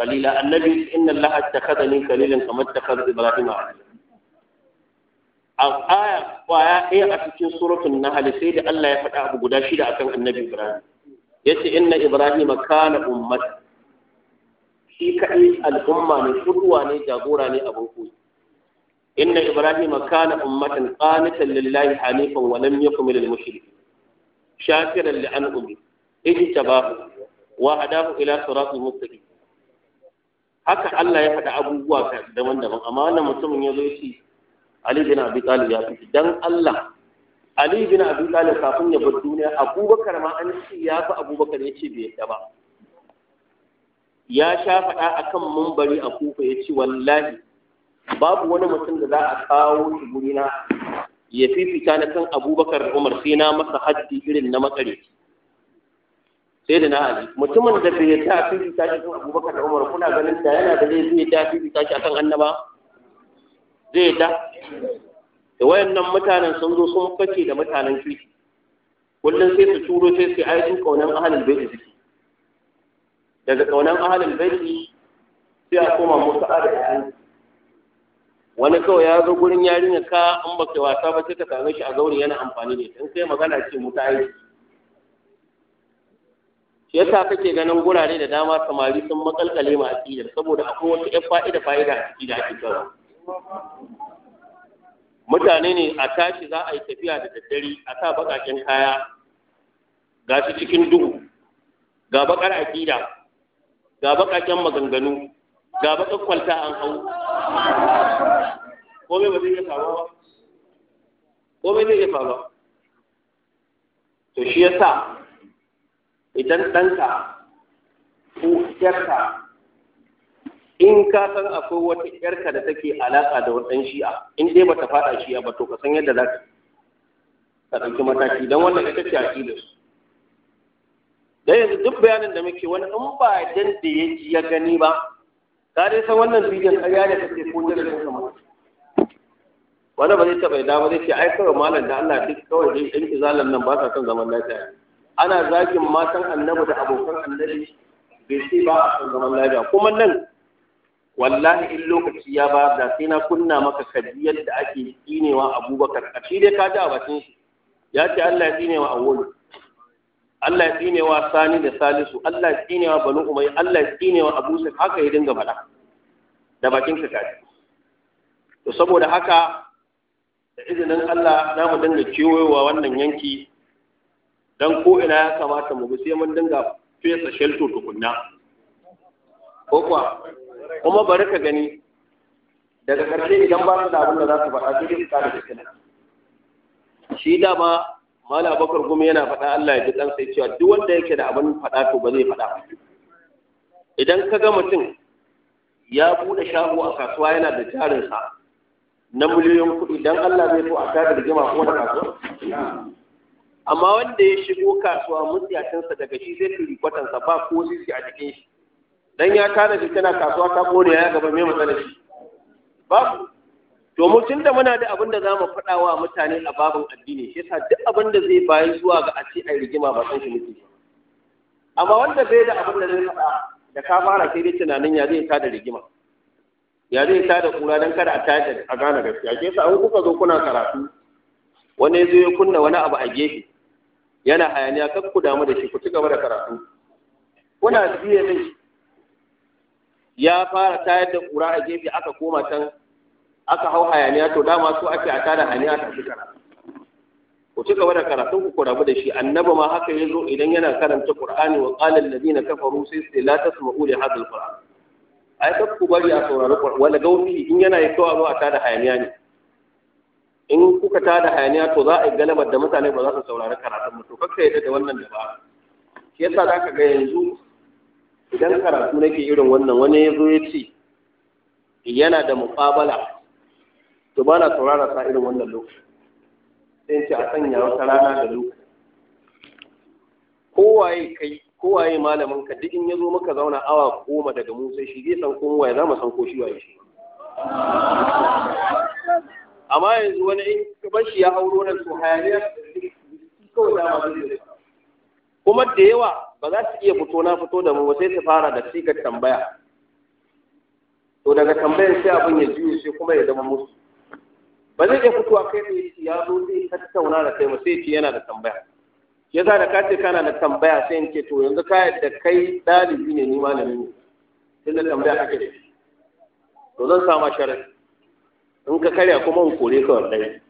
kalila annabi inna allaha attakhadhani kalilan kamar attakhadha ibrahim a aya kwaya ɗaya a cikin suratul nahl sai da Allah ya faɗa abu guda shida akan annabi ibrahim yace inna ibrahim kana ummat shi kadai al'umma ne shudwa ne jagora ne abin koyi inna ibrahim kana ummatan qanitan lillahi hanifan wa lam yakun minal mushrikin shakiran li an'umi ijtabahu wa hadahu ila siratil mustaqim haka Allah ya faɗa abubuwa daban-daban amma wannan mutumin ya zo shi Ali bin Abi Talib ya fi dan Allah Ali bin Abi Talib kafin ya bar duniya Abubakar ma an ce ya fi Abubakar ya ce bai yadda ba ya sha faɗa akan mumbari a kufa ya ce wallahi babu wani mutum da za a kawo shi gurina ya fifita na kan Abubakar Umar sai na masa haddi irin na makareci sai da na ali mutumin da bai ta fi ta shi abubakar da umar kuna ganin ta, yana da zai ta fi ta shi akan annaba zai ta da wayannan mutanen sun zo sun fake da mutanen kirki kullum sai su turo sai su aiki kaunan ahalin bai suke daga kaunan ahalin bai sai a koma musu a da wani kawai ya zo gurin yarinya ka in baka wasa ba sai ka same shi a zaure yana amfani da ita in sai magana ce mutu aiki shi yasa kake ganin gurare da dama samari sun makalkale ma aqidar saboda akwai wata ƴan fa'ida fa'ida a ciki da ake kawo mutane ne a tashi za a yi tafiya da daddare a sa baƙaƙen kaya ga su cikin duhu ga baƙar aqida ga baƙaƙen maganganu ga baƙar kwalta an hau komai ba zai iya faruwa ba komai zai iya faruwa to shi yasa idan ɗanka ko ƴarka in ka san akwai wata ƴarka da take alaƙa da wadan shi'a in dai ta faɗa shi'a ba to ka san yadda za ka ɗauki mataki don wannan ita ce aƙidar su dan yanzu duk bayanin da muke wani in ba dan da ya ji ya gani ba ka dai san wannan bidiyon ƙarya da kake ko jirgin sama wani ba zai taɓa yadda ba zai ce ai kawai malam da Allah duk kawai dai ɗan izalan nan ba sa son zaman lafiya ana zagin matan annabi da abokan annabi bai sai ba a san zaman lafiya kuma nan wallahi in lokaci ya ba da sai na kunna maka kaji yadda ake tsinewa abubakar a shi dai ka ji a bakin shi ya ce Allah ya a awwalu Allah ya tsinewa sani da salisu Allah ya tsinewa banu umai Allah ya tsinewa abu sai haka ya dinga faɗa da bakin ka kaji to saboda haka da izinin Allah za mu dinga kewayowa wannan yanki Don ko ina ya kamata mu sai mun dinga fesa shelto tukunna ko kuwa kuma bari ka gani daga karshe idan ba su da abin da za su faɗa sai dai su kare kina shi dama mala bakar gumi yana faɗa Allah ya ji dan sai cewa duk wanda yake da abin faɗa to ba zai faɗa idan ka ga mutum ya buɗe shago a kasuwa yana da jarinsa na miliyoyin kuɗi dan Allah zai so a tada rigima ko da kasuwa amma wanda ya shigo kasuwa mutiyacinsa daga shi zai turi kwatansa ba ko sisi a cikin shi dan ya kana shi tana kasuwa ta kore ya gaba mai matsala shi Ba to mu tunda muna da abin da zamu faɗa wa mutane a babin addini shi yasa duk abin da zai bayi zuwa ga a ce ai rigima ba san shi muke amma wanda bai da abin da zai faɗa da ka fara sai dai tunanin ya zai tada rigima ya zai tada kura dan kada a tada a gane gaskiya shi yasa an kuka zo kuna karatu wani ya zo ya kunna wani abu a gefe yana hayaniya kan ku damu da shi ku ci gaba da karatu kuna biye ne ya fara tayar da kura a gefe aka koma can aka hau hayaniya to dama su ake a tada hayaniya ta shi karatu ku ci gaba da karatu ku ku rabu da shi annabi ma haka yazo idan yana karanta qur'ani wa qala alladhina kafaru sai su la tasma'u li hadha alquran ai ku bari a saurari wala gaufi in yana yi zo a tada hayaniya ne in kuka tada hayaniya to za a yi galabar da mutane ba za su saurari karatun mu to kakka yadda da wannan da ba shi yasa za ka ga yanzu idan karatu nake irin wannan wani ya zo ya ce yana da muƙabala to ba na saurara sa irin wannan lokaci sai ce a sanya wata rana da lokaci kowaye kai kowaye malamin ka duk in ya zo maka zauna awa goma daga mu sai shi zai san waye za mu san ko shi waye shi amma yanzu wani in kamar shi ya auro na su hayaniya kawai da zai kuma da yawa ba za su iya fito na fito da mu sai su fara da sikar tambaya to daga tambayar sai abin ya juye sai kuma ya zama musu ba zai iya fitowa kai ne ya zo zai tattauna da kai mu sai ce yana da tambaya yasa da ka ce kana da tambaya sai in ce to yanzu ka yadda kai dalibi ne ni malami ne tunda tambaya kake to zan sama sharadi in ka karya kuma in kore ka wallahi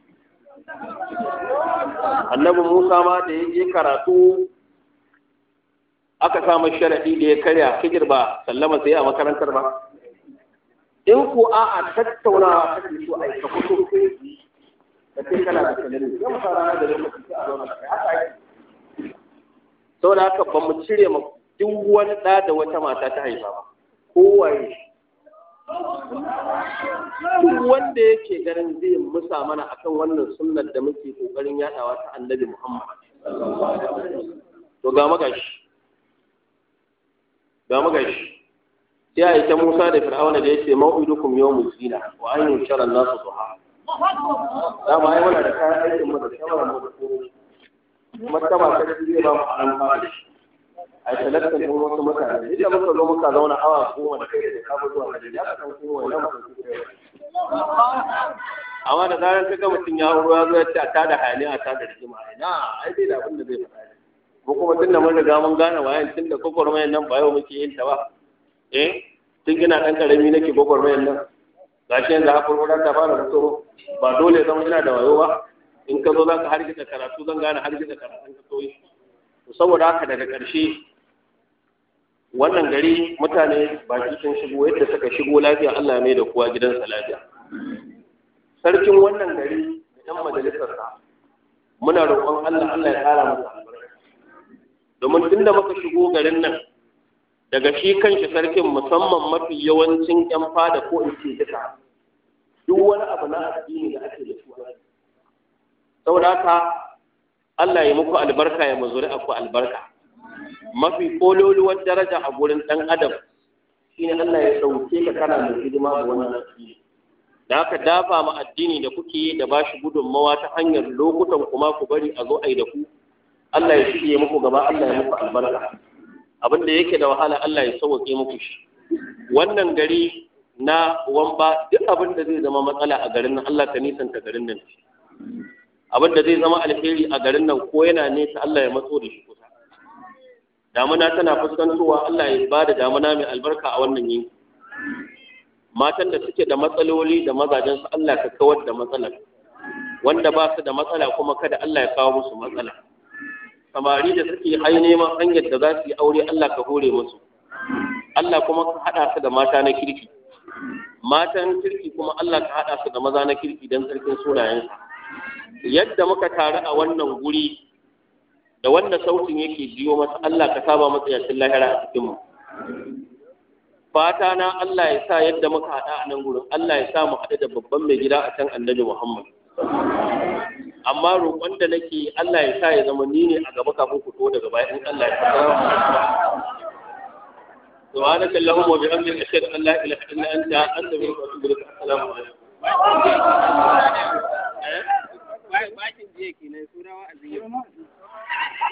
annabi Musa ma da ya je karatu aka samu mai sharadi da ya karya ka ba sallama sai a makarantar ba in ku a a tattaunawa ta ke so a yi ka fito da kai kana da kalin ya fara da lokaci a zo haka saboda haka ba mu cire ma duk wani ɗa da wata mata ta haifa ba kowaye duk wanda yake ganin zai musa mana akan wannan sunnar da muke kokarin yadawa ta annabi Muhammad to ga magashi ga magashi sai a yi ta Musa da Fir'auna da yace mau'idukum yawmul zina wa an yushara an-nasu duha da ba ai wala da kayan aikin mu da shawara mu da kuma ta ba ta zai ba mu an fara shi a talattar ne wasu mutane idan muka zo muka zauna awa goma da kai da kafa zuwa ya ka kuma wannan amma da zaran kaga mutum ya horo ya ya ce a tada hayani ta da rigima ina ai da abin da zai faru? ko kuma tunda mun riga mun gane wayan tunda gwagwarmayar nan ba yau muke yin ta ba eh tun gina ɗan ƙarami nake gwagwarmayar nan shi yanzu haka ko ta fara fito ba dole zan ina da wayo ba in ka zo za ka hargitsa karatu zan gane hargitsa karatun ka soyi saboda haka daga ƙarshe wannan gari mutane baki sun shigo yadda suka shigo lafiya Allah mai da kuwa gidan lafiya sarkin wannan gari idan ɗan majalisarsa muna roƙon Allah Allah ya ƙara masa albarka domin tun da muka shigo garin nan daga shi kanshi sarkin musamman mafi yawancin ƴan fada ko in ce duka duk wani abu na addini da ake da su saboda haka Allah ya muku albarka ya mazuri ku albarka mafi kololuwar daraja a gurin ɗan adam shine Allah ya ɗauke ka kana mai hidima ga wannan addini da aka dafa ma addini da kuke yi da bashi gudunmawa ta hanyar lokutan kuma ku bari a zo ai da ku Allah ya shirye muku gaba Allah ya muku albarka abin da yake da wahala Allah ya sauke muku shi wannan gari na wamba duk abin da zai zama matsala a garin nan Allah nisan nisanta garin nan abin da zai zama alheri a garin nan ko yana nesa Allah ya matso da shi damuna tana fuskantowa Allah ya ba da damuna mai albarka a wannan yin matan da suke da matsaloli da mazajensu Allah ka kawar da matsalar wanda ba su da matsala kuma kada Allah ya kawo musu matsala samari da suke ai neman hanyar da za su yi aure Allah ka hore musu Allah kuma ka haɗa su da mata na kirki matan kirki kuma Allah ka haɗa su da maza na kirki don sarkin sunayensa yadda muka taru a wannan guri da wannan sautin yake biyo masa Allah ka saba masa ya cin lahira a cikin mu fata na Allah ya sa yadda muka hada a nan gurin Allah ya sa mu haɗu da babban mai gida a can annabi Muhammad amma roƙon da nake Allah ya sa ya zama ni ne a gaba kafin ku to daga baya in Allah ya sa سبحانك اللهم وبحمدك اشهد ان لا اله الا انت انت من رسولك السلام عليكم bakin jiya kenan suna wa'azin yau